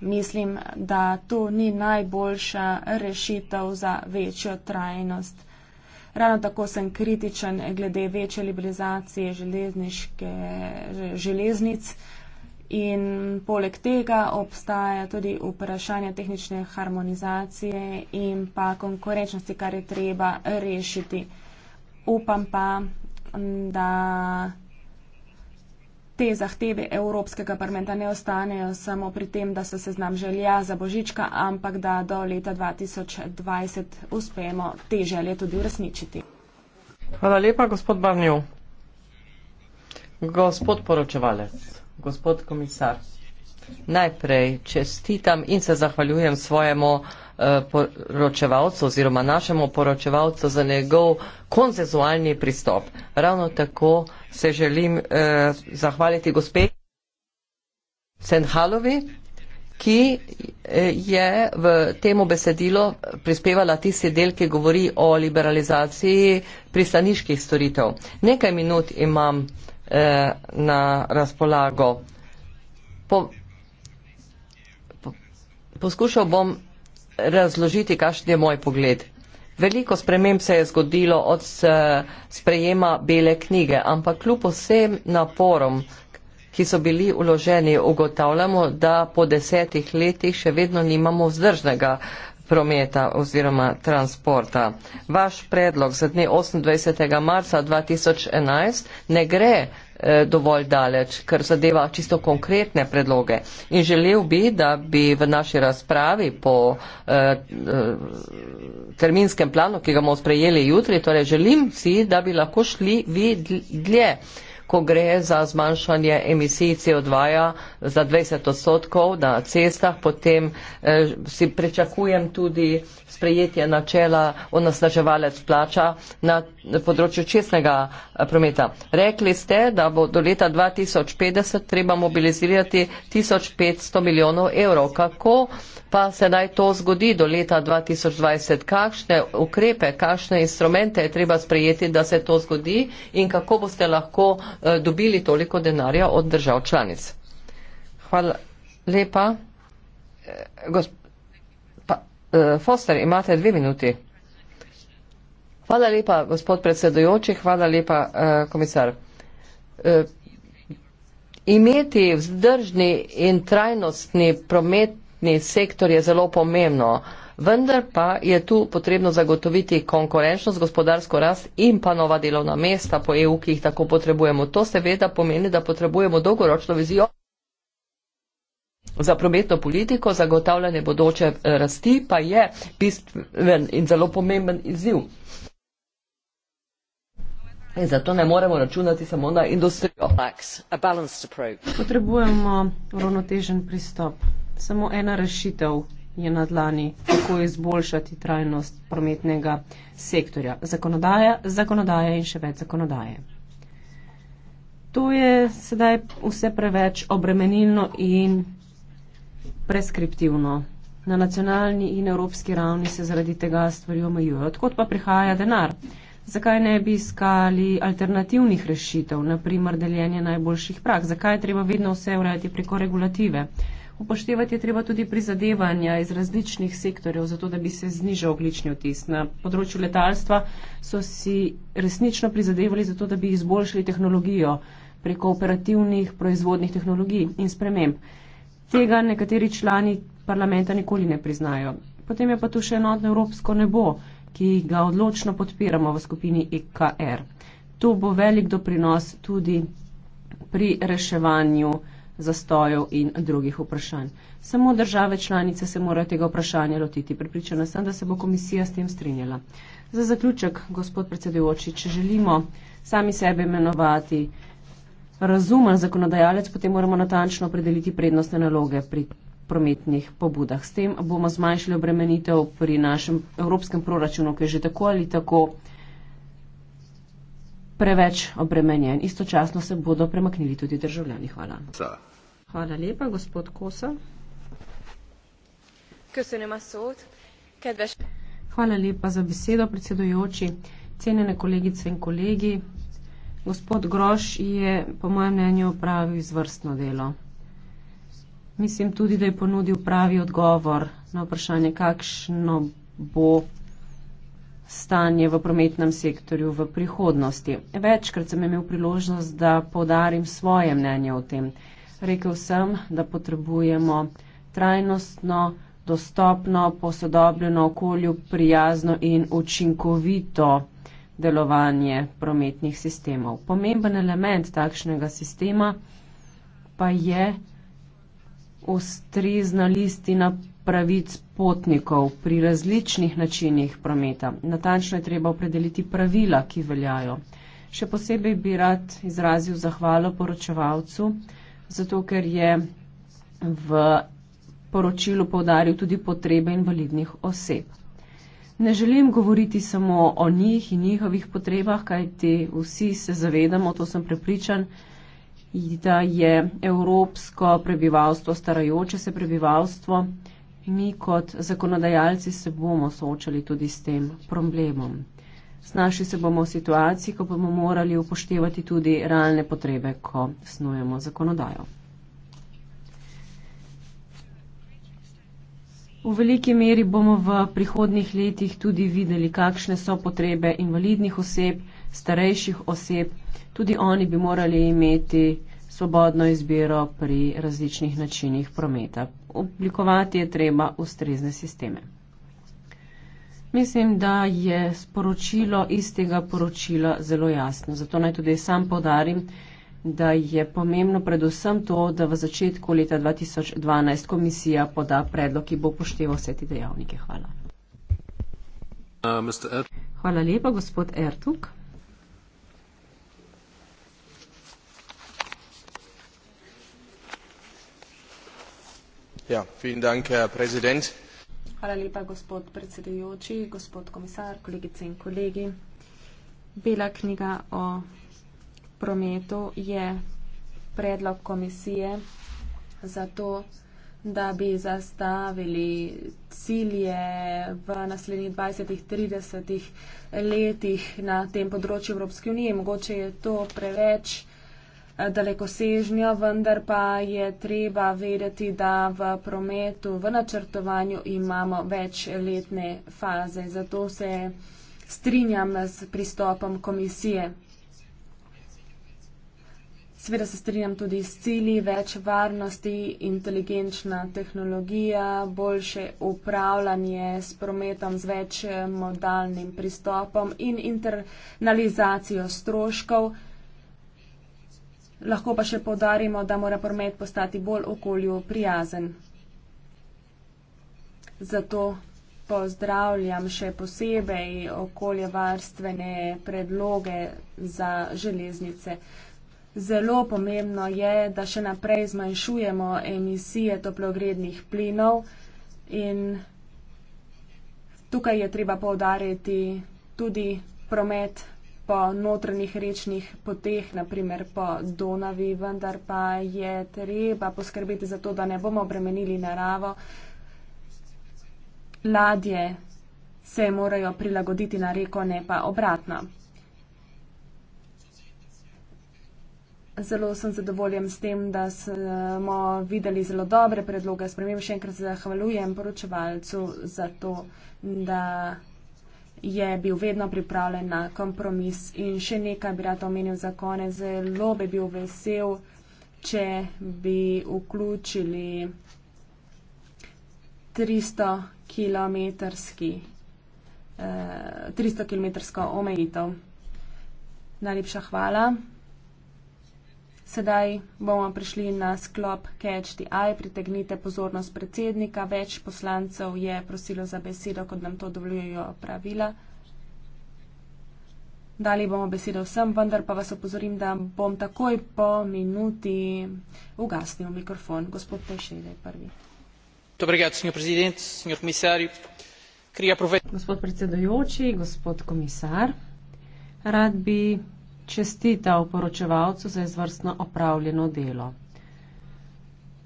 mislim, da to ni najboljša rešitev za večjo trajnost. Ravno tako sem kritičen glede večje liberalizacije železnic in poleg tega obstaja tudi vprašanje tehnične harmonizacije in pa konkurenčnosti, kar je treba rešiti. Upam pa, da te zahteve Evropskega parlamenta ne ostanejo samo pri tem, da se seznam želja za božička, ampak da do leta 2020 uspemo te želje tudi uresničiti. Hvala lepa, gospod Barnjo. Gospod poročevalec, gospod komisar, najprej čestitam in se zahvaljujem svojemu. Eh, poročevalcu oziroma našemu poročevalcu za njegov konsenzualni pristop. Ravno tako se želim uh, zahvaliti gospe Senhalovi, ki eh, je v temu besedilo prispevala tisti del, ki govori o liberalizaciji pristaniških storitev. Nekaj minut imam uh, na razpolago. Po, po, poskušal bom razložiti, kakšen je moj pogled. Veliko sprememb se je zgodilo od sprejema bele knjige, ampak kljub vsem naporom, ki so bili uloženi, ugotavljamo, da po desetih letih še vedno nimamo vzdržnega prometa oziroma transporta. Vaš predlog za dne 28. marca 2011 ne gre Eh, dovolj daleč, kar zadeva čisto konkretne predloge. In želel bi, da bi v naši razpravi po eh, eh, terminskem planu, ki ga bomo sprejeli jutri, torej želim si, da bi lahko šli vi dlje. Dl dl dl dl dl dl dl dl ko gre za zmanjšanje emisij CO2 -ja za 20 odstotkov na cestah, potem eh, si pričakujem tudi sprejetje načela onasnaževalec plača na področju čestnega eh, prometa. Rekli ste, da bo do leta 2050 treba mobilizirati 1500 milijonov evrov. Kako pa se naj to zgodi do leta 2020? Kakšne ukrepe, kakšne instrumente je treba sprejeti, da se to zgodi in kako boste lahko Eh, dobili toliko denarja od držav članic. Hvala lepa. Eh, Gosp pa, uh, Foster, imate dve minuti. Hvala lepa, gospod predsedujoči, hvala lepa, uh, komisar. Uh, imeti vzdržni in trajnostni promet ni sektor je zelo pomembno, vendar pa je tu potrebno zagotoviti konkurenčnost, gospodarsko rast in pa nova delovna mesta po EU, ki jih tako potrebujemo. To seveda pomeni, da potrebujemo dolgoročno vizijo za prometno politiko, zagotavljanje bodoče eh, rasti pa je bistven in zelo pomemben izziv. In zato ne moremo računati samo na industrijo. Potrebujemo uravnotežen pristop samo ena rešitev je na dlani, kako izboljšati trajnost prometnega sektorja. Zakonodaja, zakonodaja in še več zakonodaje. To je sedaj vse preveč obremenilno in preskriptivno. Na nacionalni in evropski ravni se zaradi tega stvari omejujejo. Odkot pa prihaja denar? Zakaj ne bi iskali alternativnih rešitev, naprimer deljenje najboljših prak? Zakaj je treba vedno vse urejati preko regulative? upoštevati je treba tudi prizadevanja iz različnih sektorjev, zato da bi se znižal oglični otis. Na področju letalstva so si resnično prizadevali zato, da bi izboljšali tehnologijo preko operativnih proizvodnih tehnologij in sprememb. Tega nekateri člani parlamenta nikoli ne priznajo. Potem je pa tu še enotno evropsko nebo, ki ga odločno podpiramo v skupini EKR. To bo velik doprinos tudi pri reševanju zastojev in drugih vprašanj. Samo države članice se morajo tega vprašanja lotiti. Pripričana sem, da se bo komisija s tem strinjala. Za zaključek, gospod predsedujoči, če želimo sami sebe imenovati razumen zakonodajalec, potem moramo natančno opredeliti prednostne naloge pri prometnih pobudah. S tem bomo zmanjšali obremenitev pri našem evropskem proračunu, ki je že tako ali tako preveč obremenjen. Istočasno se bodo premaknili tudi državljani. Hvala. Sa. Hvala lepa. Gospod Kosa. Köszönöm a szót. Kedves... Hvala lepa za besedo, predsedujoči. Cenjene kolegice in kolegi, gospod Groš je, po mojem mnenju, pravi izvrstno delo. Mislim tudi, da je ponudil pravi odgovor na vprašanje, kakšno bo stanje v prometnem sektorju v prihodnosti. Večkrat sem imel priložnost, da podarim svoje mnenje o tem. Rekl sem, da potrebujemo trajnostno, dostopno, posodobljeno okolju, prijazno in učinkovito delovanje prometnih sistemov. Pomemben element takšnega sistema pa je ustrezna listina pravic potnikov pri različnih načinih prometa. Natančno je treba opredeliti pravila, ki veljajo. Še posebej bi rad izrazil zahvalo poročevalcu, zato ker je v poročilu povdaril tudi potrebe invalidnih oseb. Ne želim govoriti samo o njih in njihovih potrebah, kajti vsi se zavedamo, to sem prepričan, da je evropsko prebivalstvo starajoče se prebivalstvo. Mi kot zakonodajalci se bomo soočali tudi s tem problemom. Znašli se bomo v situaciji, ko bomo morali upoštevati tudi realne potrebe, ko snujemo zakonodajo. V veliki meri bomo v prihodnih letih tudi videli, kakšne so potrebe invalidnih oseb, starejših oseb. Tudi oni bi morali imeti svobodno izbiro pri različnih načinih prometa. Oblikovati je treba ustrezne sisteme. Mislim, da je sporočilo istega poročila zelo jasno. Zato naj tudi sam podarim, da je pomembno predvsem to, da v začetku leta 2012 komisija poda predlog, ki bo pošteval vse te dejavnike. Hvala. Uh, Hvala lepa, gospod Ertuk. Ja, vielen Dank, Herr Präsident. Hvala lepa, gospod predsedujoči, gospod komisar, kolegice in kolegi. Bela knjiga o prometu je predlog komisije za to, da bi zastavili cilje v naslednjih 20-30 letih na tem področju Evropske unije. Mogoče je to preveč dalekosežnjo, vendar pa je treba vedeti, da v prometu, v načrtovanju imamo večletne faze. Zato se strinjam s pristopom komisije. Sveda se strinjam tudi s cili več varnosti, inteligenčna tehnologija, boljše upravljanje s prometom z več modalnim pristopom in internalizacijo stroškov. Lahko pa še podarimo, da mora promet postati bolj okolju prijazen. Zato pozdravljam še posebej okoljevarstvene predloge za železnice. Zelo pomembno je, da še naprej zmanjšujemo emisije toplogrednih plinov in tukaj je treba povdariti tudi promet po notranjih rečnih poteh, naprimer po Donavi, vendar pa je treba poskrbeti za to, da ne bomo obremenili naravo. Ladje se morajo prilagoditi na reko, ne pa obratno. Zelo sem zadovoljen s tem, da smo videli zelo dobre predloge. Spremem še enkrat zahvaljujem poročevalcu za to, da je bil vedno pripravljen na kompromis. In še nekaj bi rad omenil za konec. Zelo bi bil vesel, če bi vključili 300 km eh, omejitev. Najlepša hvala. Sedaj bomo prišli na sklop Catch the Eye, pritegnite pozornost predsednika. Več poslancev je prosilo za besedo, kot nam to dovoljujejo pravila. Dali bomo besedo vsem, vendar pa vas opozorim, da bom takoj po minuti ugasnil mikrofon. Gospod Pešede, prvi. Gospod predsedujoči, gospod komisar, rad bi čestita oporočevalcu za izvrstno opravljeno delo.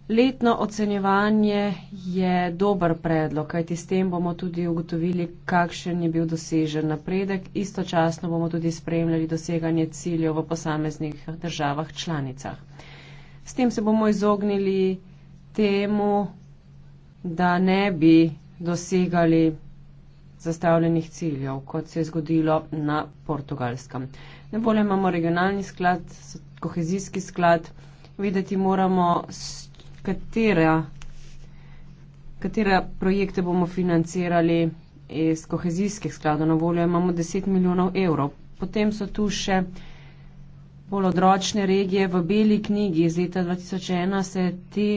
Letno ocenjevanje je dober predlog, kajti s tem bomo tudi ugotovili, kakšen je bil dosežen napredek. Istočasno bomo tudi spremljali doseganje ciljev v posameznih državah članicah. S tem se bomo izognili temu, da ne bi dosegali zastavljenih ciljev, kot se je zgodilo na portugalskem. Na voljo imamo regionalni sklad, kohezijski sklad. Videti moramo, katera, katera projekte bomo financirali iz kohezijskih skladov. Na voljo imamo 10 milijonov evrov. Potem so tu še bolj odročne regije. V beli knjigi iz leta 2001 se te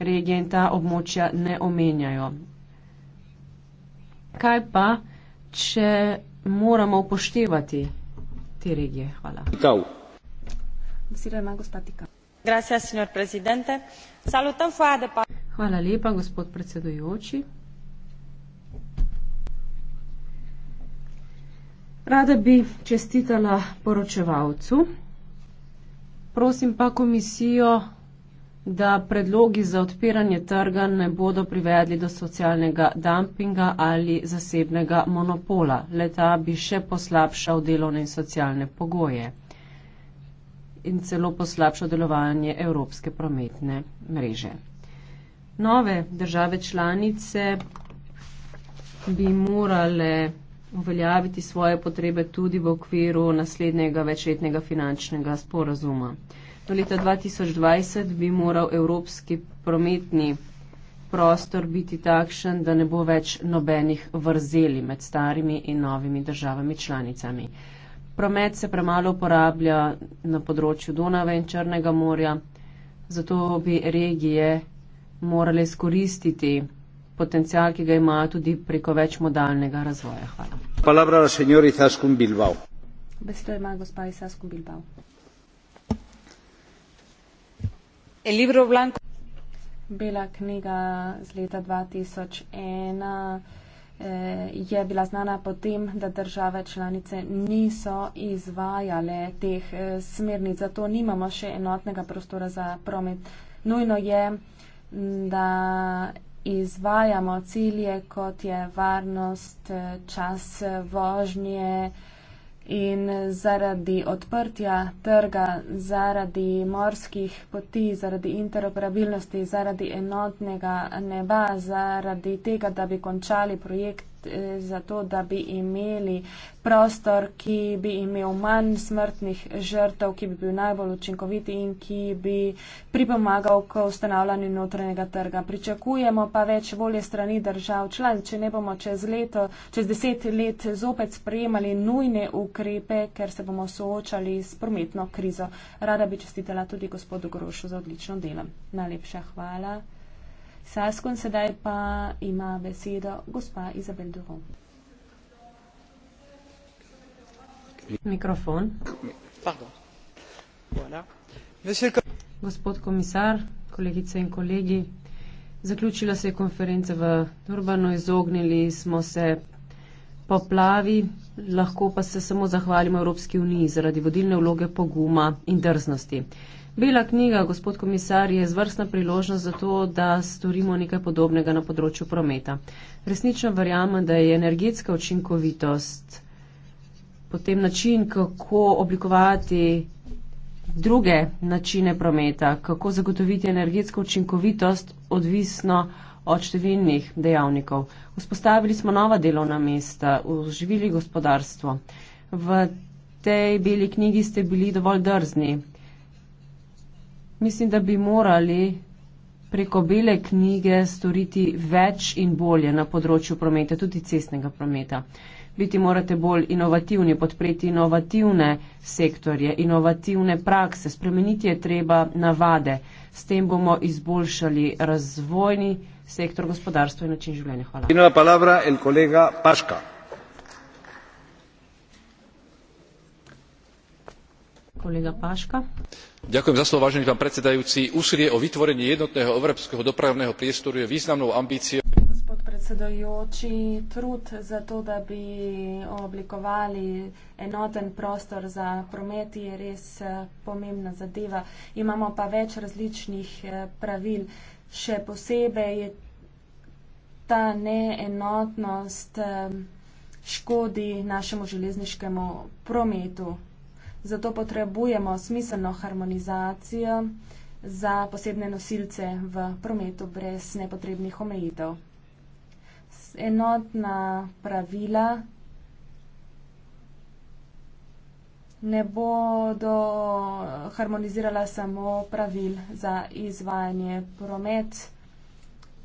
regije in ta območja ne omenjajo. Kaj pa, če moramo upoštevati te regije. Hvala. Hvala lepa, gospod predsedujoči. Rada bi čestitala poročevalcu, prosim pa komisijo, da predlogi za odpiranje trga ne bodo privedli do socialnega dumpinga ali zasebnega monopola. Leta bi še poslabšal delovne in socialne pogoje in celo poslabšal delovanje evropske prometne mreže. Nove države članice bi morale uveljaviti svoje potrebe tudi v okviru naslednjega večletnega finančnega sporazuma. Do leta 2020 bi moral evropski prometni prostor biti takšen, da ne bo več nobenih vrzeli med starimi in novimi državami članicami. Promet se premalo uporablja na področju Donave in Črnega morja, zato bi regije morale skoristiti potencial, ki ga imajo tudi preko večmodalnega razvoja. Hvala. Palabra, Libro Blanco. Bela knjiga z leta 2001 eh, je bila znana potem, da države članice niso izvajale teh eh, smernic, zato nimamo še enotnega prostora za promet. Nujno je, da izvajamo cilje, kot je varnost, eh, čas vožnje in zaradi odprtja trga, zaradi morskih poti, zaradi interoperabilnosti, zaradi enotnega neba, zaradi tega, da bi končali projekt zato, da bi imeli prostor, ki bi imel manj smrtnih žrtev, ki bi bil najbolj učinkoviti in ki bi pripomagal k ustanavljanju notranjega trga. Pričakujemo pa več volje strani držav član, če ne bomo čez leto, čez deset let zopet sprejemali nujne ukrepe, ker se bomo soočali s prometno krizo. Rada bi čestitela tudi gospodu Grošu za odlično delo. Najlepša hvala. Saskun sedaj pa ima besedo gospa Izabel Duro. Mikrofon. Voilà. Gospod komisar, kolegice in kolegi, zaključila se je konferenca v Durbanu, izognili smo se poplavi, lahko pa se samo zahvalimo Evropski uniji zaradi vodilne vloge poguma in drznosti. Bela knjiga, gospod komisar, je zvrstna priložnost za to, da storimo nekaj podobnega na področju prometa. Resnično verjamem, da je energetska učinkovitost, potem način, kako oblikovati druge načine prometa, kako zagotoviti energetsko učinkovitost, odvisno od številnih dejavnikov. Vzpostavili smo nova delovna mesta, oživili gospodarstvo. V tej beli knjigi ste bili dovolj drzni. Mislim, da bi morali preko bele knjige storiti več in bolje na področju prometa, tudi cestnega prometa. Biti morate bolj inovativni, podpreti inovativne sektorje, inovativne prakse, spremeniti je treba navade. S tem bomo izboljšali razvojni sektor gospodarstva in način življenja. Hvala. úsilie o vytvorenie jednotného európskeho dopravného priestoru je významnou ambíciou únie. úsilie o vytvorenie jednotného európskeho dopravného priestoru je významnou ambíciou. trud za to da bi oblikovali enoten prostor za promet je res eh, pomembna zadeva imamo pa več različnih eh, pravil še posebej ta neenotnost eh, škodi našemu železniškemu prometu zato potrebujemo smiselno harmonizacijo za posebne nosilce v prometu brez nepotrebnih omejitev. Enotna pravila ne bodo harmonizirala samo pravil za izvajanje prometa,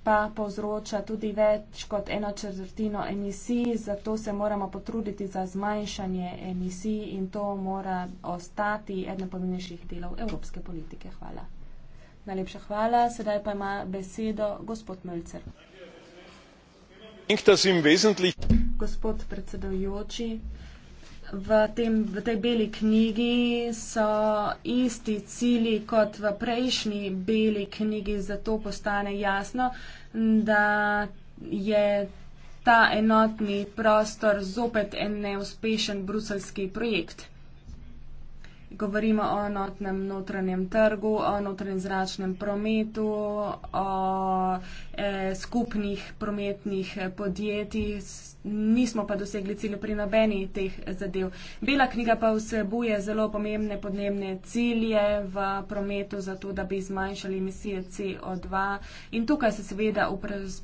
pa povzroča tudi več kot eno četrtino emisij, zato se moramo potruditi za zmanjšanje emisij in to mora ostati eden pomembnejših delov evropske politike. Hvala. Najlepša hvala. Sedaj pa ima besedo gospod Mölcer. Gospod predsedujoči v, tem, v tej beli knjigi so isti cili kot v prejšnji beli knjigi, zato postane jasno, da je ta enotni prostor zopet en neuspešen bruselski projekt. Govorimo o enotnem notranjem trgu, o notranjem zračnem prometu, o eh, skupnih prometnih podjetjih, nismo pa dosegli cilju pri nobeni teh zadev. Bela knjiga pa vsebuje zelo pomembne podnebne cilje v prometu za to, da bi zmanjšali emisije CO2. In tukaj se seveda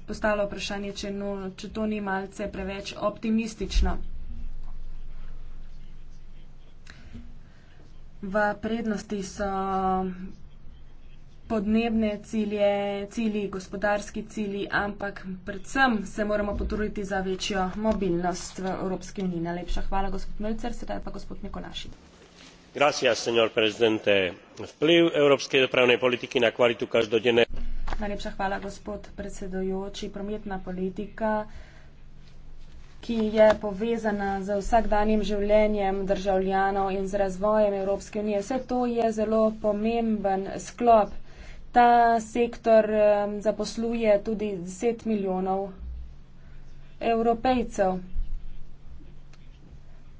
postalo vprašanje, če, no, če to ni malce preveč optimistično. V prednosti so podnebne cilje, cilji, gospodarski cilji, ampak predvsem se moramo potruditi za večjo mobilnost v Evropski uniji. Najlepša hvala, gospod Mölcer, sedaj pa gospod Nikolaši. Gracias, señor presidente. Vpliv evropske pravne politike na kvalitu každodene. Najlepša hvala, gospod predsedujoči. Prometna politika, ki je povezana z vsakdanjim življenjem državljanov in z razvojem Evropske unije, vse to je zelo pomemben sklop ta sektor um, zaposluje tudi 10 milijonov evropejcev.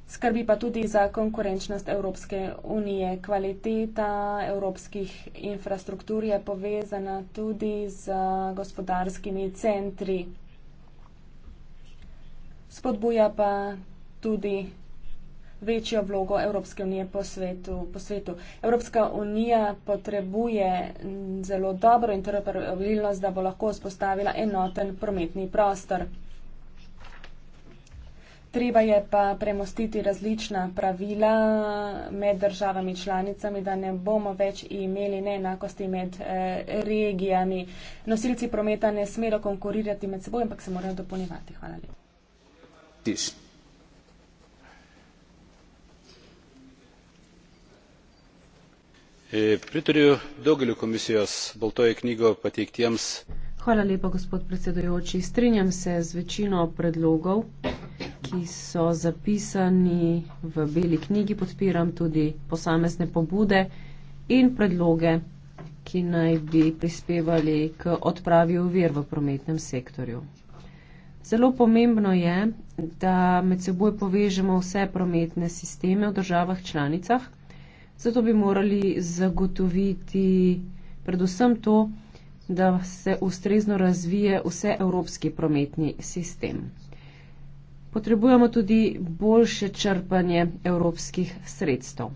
Skrbi pa tudi za konkurenčnost Evropske unije. Kvaliteta evropskih infrastruktur je povezana tudi z gospodarskimi centri. Spodbuja pa tudi večjo vlogo Evropske unije po svetu. Po svetu. Evropska unija potrebuje zelo dobro interoperabilnost, da bo lahko vzpostavila enoten prometni prostor. Treba je pa premostiti različna pravila med državami članicami, da ne bomo več imeli neenakosti med eh, regijami. Nosilci prometa ne smejo konkurirati med seboj, ampak se morajo dopolnjevati. Hvala lepa. E, pritariu daugeliu komisijos baltojoje knygoje pateiktiems Hvala lepa, gospod predsedojoči. Strinjam se z večino predlogov, ki so zapisani v beli knjigi. Podpiram tudi posamezne pobude in predloge, ki naj bi prispevali k odpravi uvir v prometnem sektorju. Zelo pomembno je, da med seboj povežemo vse prometne sisteme v državah članicah Zato bi morali zagotoviti predvsem to, da se ustrezno razvije vse evropski prometni sistem. Potrebujemo tudi boljše črpanje evropskih sredstev.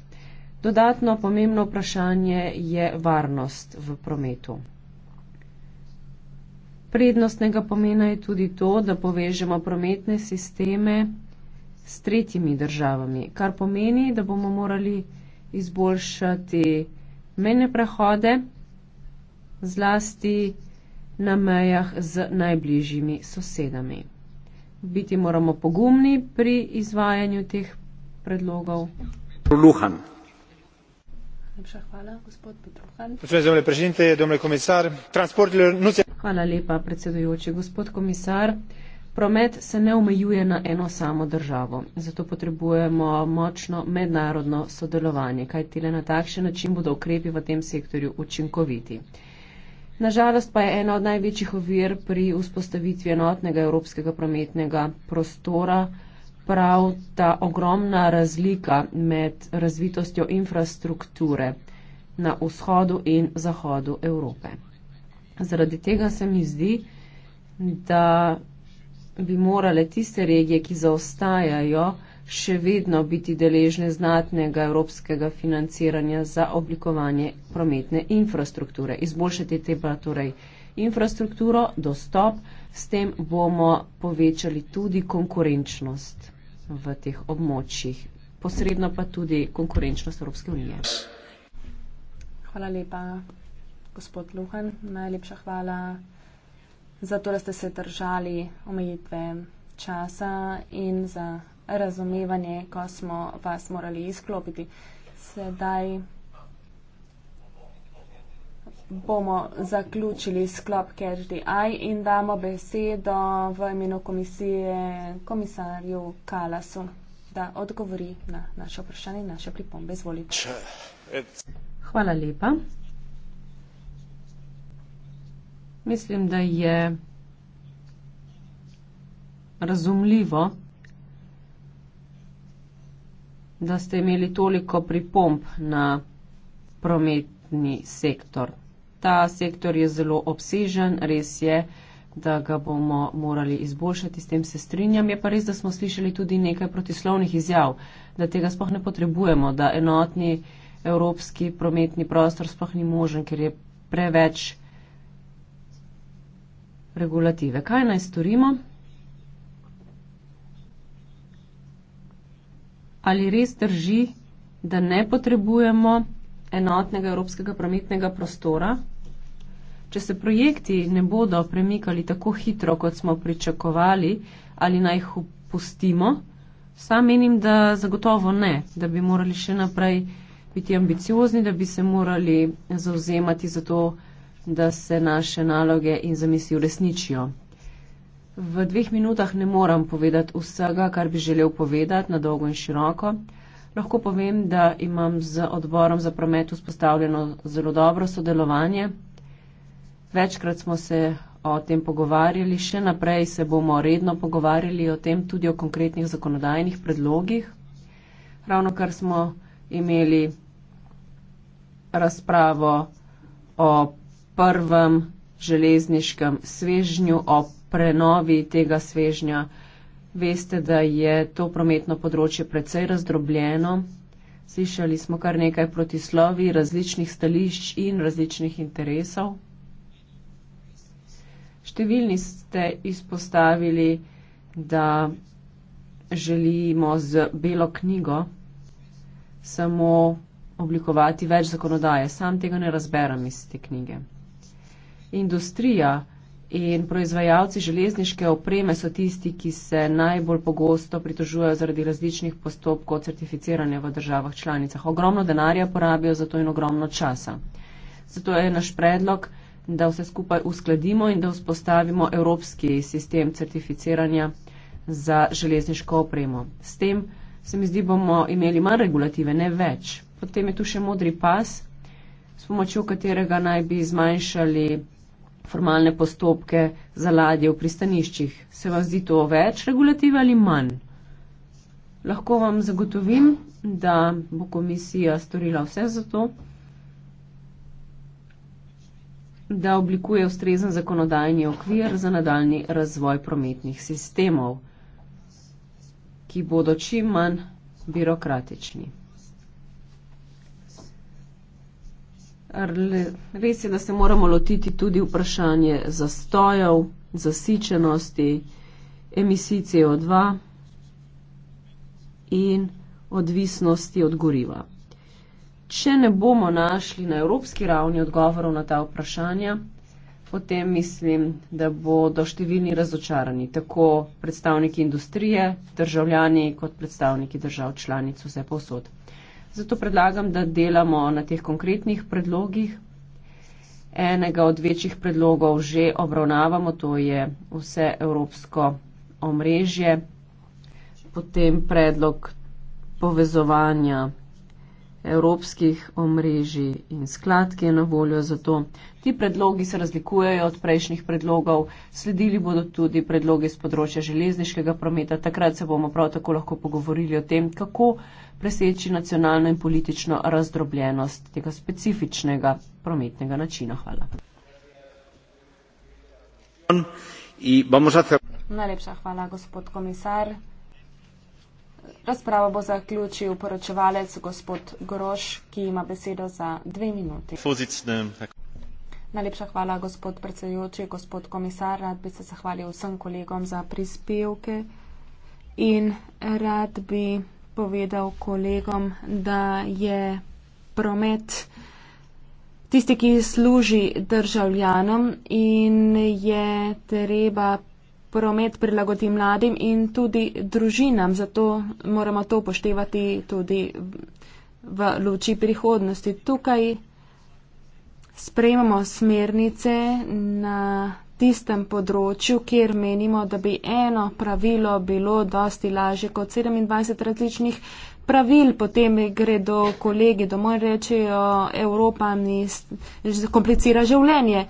Dodatno pomembno vprašanje je varnost v prometu. Prednostnega pomena je tudi to, da povežemo prometne sisteme s tretjimi državami, kar pomeni, da bomo morali izboljšati mejne prehode, zlasti na mejah z najbližjimi sosedami. Biti moramo pogumni pri izvajanju teh predlogov. Proluhan. Hvala lepa, predsedujoči gospod komisar. Promet se ne omejuje na eno samo državo, zato potrebujemo močno mednarodno sodelovanje, kajti le na takšen način bodo ukrepi v tem sektorju učinkoviti. Nažalost pa je ena od največjih ovir pri vzpostavitvi enotnega evropskega prometnega prostora prav ta ogromna razlika med razvitostjo infrastrukture na vzhodu in zahodu Evrope. Zaradi tega se mi zdi, da bi morale tiste regije, ki zaostajajo, še vedno biti deležne znatnega evropskega financiranja za oblikovanje prometne infrastrukture. Izboljšati treba torej infrastrukturo, dostop, s tem bomo povečali tudi konkurenčnost v teh območjih, posredno pa tudi konkurenčnost Evropske unije. Hvala lepa, gospod Luhan. Najlepša hvala zato da ste se držali omejitve časa in za razumevanje, ko smo vas morali izklopiti. Sedaj bomo zaključili sklop Catch the Eye in damo besedo v imenu komisije komisarju Kalasu, da odgovori na naše vprašanje in naše pripombe. Zvolite. Hvala lepa. Mislim, da je razumljivo, da ste imeli toliko pripomp na prometni sektor. Ta sektor je zelo obsežen, res je, da ga bomo morali izboljšati, s tem se strinjam. Je pa res, da smo slišali tudi nekaj protislovnih izjav, da tega sploh ne potrebujemo, da enotni evropski prometni prostor sploh ni možen, ker je preveč regulative. Kaj naj storimo? Ali res drži, da ne potrebujemo enotnega evropskega prometnega prostora? Če se projekti ne bodo premikali tako hitro, kot smo pričakovali, ali naj jih upustimo? Sam menim, da zagotovo ne, da bi morali še naprej biti ambiciozni, da bi se morali zauzemati za to, da da se naše naloge in zamisli uresničijo. V dveh minutah ne moram povedati vsega, kar bi želel povedati, na dolgo in široko. Lahko povem, da imam z odborom za promet vzpostavljeno zelo dobro sodelovanje. Večkrat smo se o tem pogovarjali, še naprej se bomo redno pogovarjali o tem tudi o konkretnih zakonodajnih predlogih. Ravno kar smo imeli razpravo o prvem železniškem svežnju, o prenovi tega svežnja. Veste, da je to prometno področje precej razdrobljeno. Slišali smo kar nekaj protislovi različnih stališč in različnih interesov. Številni ste izpostavili, da želimo z belo knjigo samo oblikovati več zakonodaje. Sam tega ne razberem iz te knjige industrija in proizvajalci železniške opreme so tisti, ki se najbolj pogosto pritožujejo zaradi različnih postopkov certificiranja v državah članicah. Ogromno denarja porabijo za to in ogromno časa. Zato je naš predlog, da vse skupaj uskladimo in da vzpostavimo evropski sistem certificiranja za železniško opremo. S tem se mi zdi, bomo imeli manj regulative, ne več. Potem je tu še modri pas, s pomočjo katerega naj bi zmanjšali formalne postopke za ladje v pristaniščih. Se vam zdi to več regulativ ali manj? Lahko vam zagotovim, da bo komisija storila vse za to, da oblikuje ustrezen zakonodajni okvir za nadaljni razvoj prometnih sistemov, ki bodo čim manj birokratični. Res je, da se moramo lotiti tudi vprašanje zastojev, zasičenosti, emisij CO2 in odvisnosti od goriva. Če ne bomo našli na evropski ravni odgovorov na ta vprašanja, potem mislim, da bodo številni razočarani, tako predstavniki industrije, državljani kot predstavniki držav članic vse posod. Zato predlagam, da delamo na teh konkretnih predlogih. Enega od večjih predlogov že obravnavamo, to je vse evropsko omrežje, potem predlog povezovanja evropskih omrežij in sklad, ki je na voljo za to. Ti predlogi se razlikujejo od prejšnjih predlogov, sledili bodo tudi predloge z področja železniškega prometa. Takrat se bomo prav tako lahko pogovorili o tem, kako preseči nacionalno in politično razdrobljenost tega specifičnega prometnega načina. Hvala. Najlepša hvala, gospod komisar. Razpravo bo zaključil poročevalec gospod Groš, ki ima besedo za dve minuti. Najlepša hvala, gospod predsedujoči, gospod komisar. Rad bi se zahvalil vsem kolegom za prispevke in rad bi povedal kolegom, da je promet tisti, ki služi državljanom in je treba promet prilagoditi mladim in tudi družinam. Zato moramo to upoštevati tudi v luči prihodnosti. Tukaj sprejemamo smernice na tistem področju, kjer menimo, da bi eno pravilo bilo dosti lažje kot 27 različnih pravil. Potem gredo kolegi domov in rečejo, Evropa mi zakomplicira življenje.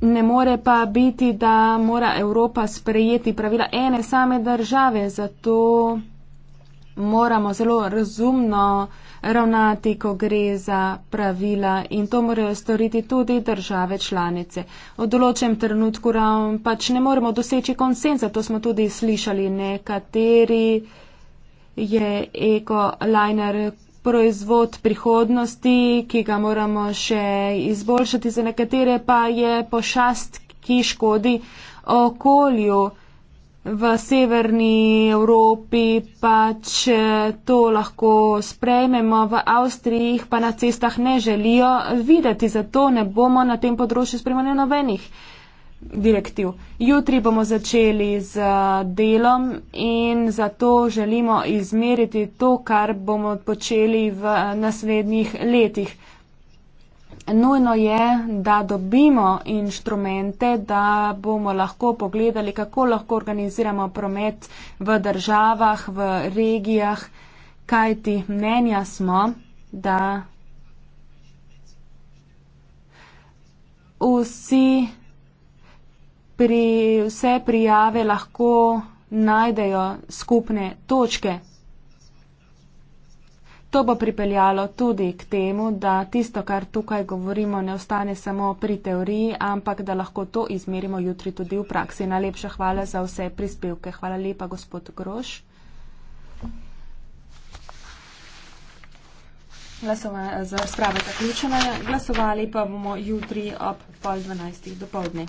Ne more pa biti, da mora Evropa sprejeti pravila ene same države, zato moramo zelo razumno uh, ravnati, ko gre za pravila in to morajo storiti tudi države članice. V določenem trenutku pač ne moremo doseči konsenza, to smo tudi slišali nekateri, je ekolajner proizvod prihodnosti, ki ga moramo še izboljšati, za nekatere pa je pošast, ki škodi okolju v severni Evropi pač eh, to lahko sprejmemo, v Avstriji pa na cestah ne želijo videti, zato ne bomo na tem področju sprejmanja novenih direktiv. Jutri bomo začeli z eh, delom in zato želimo izmeriti to, kar bomo počeli v eh, naslednjih letih nujno je, da dobimo inštrumente, da bomo lahko pogledali, kako lahko organiziramo promet v državah, v regijah, kajti mnenja smo, da vsi pri, vse prijave lahko najdejo skupne točke. To bo pripeljalo tudi k temu, da tisto, kar tukaj govorimo, ne ostane samo pri teoriji, ampak da lahko to izmerimo jutri tudi v praksi. Najlepša hvala za vse prispevke. Hvala lepa, gospod Groš. Glasova, z razprave zaključena. Glasovali pa bomo jutri ob pol dvanajstih do povdne.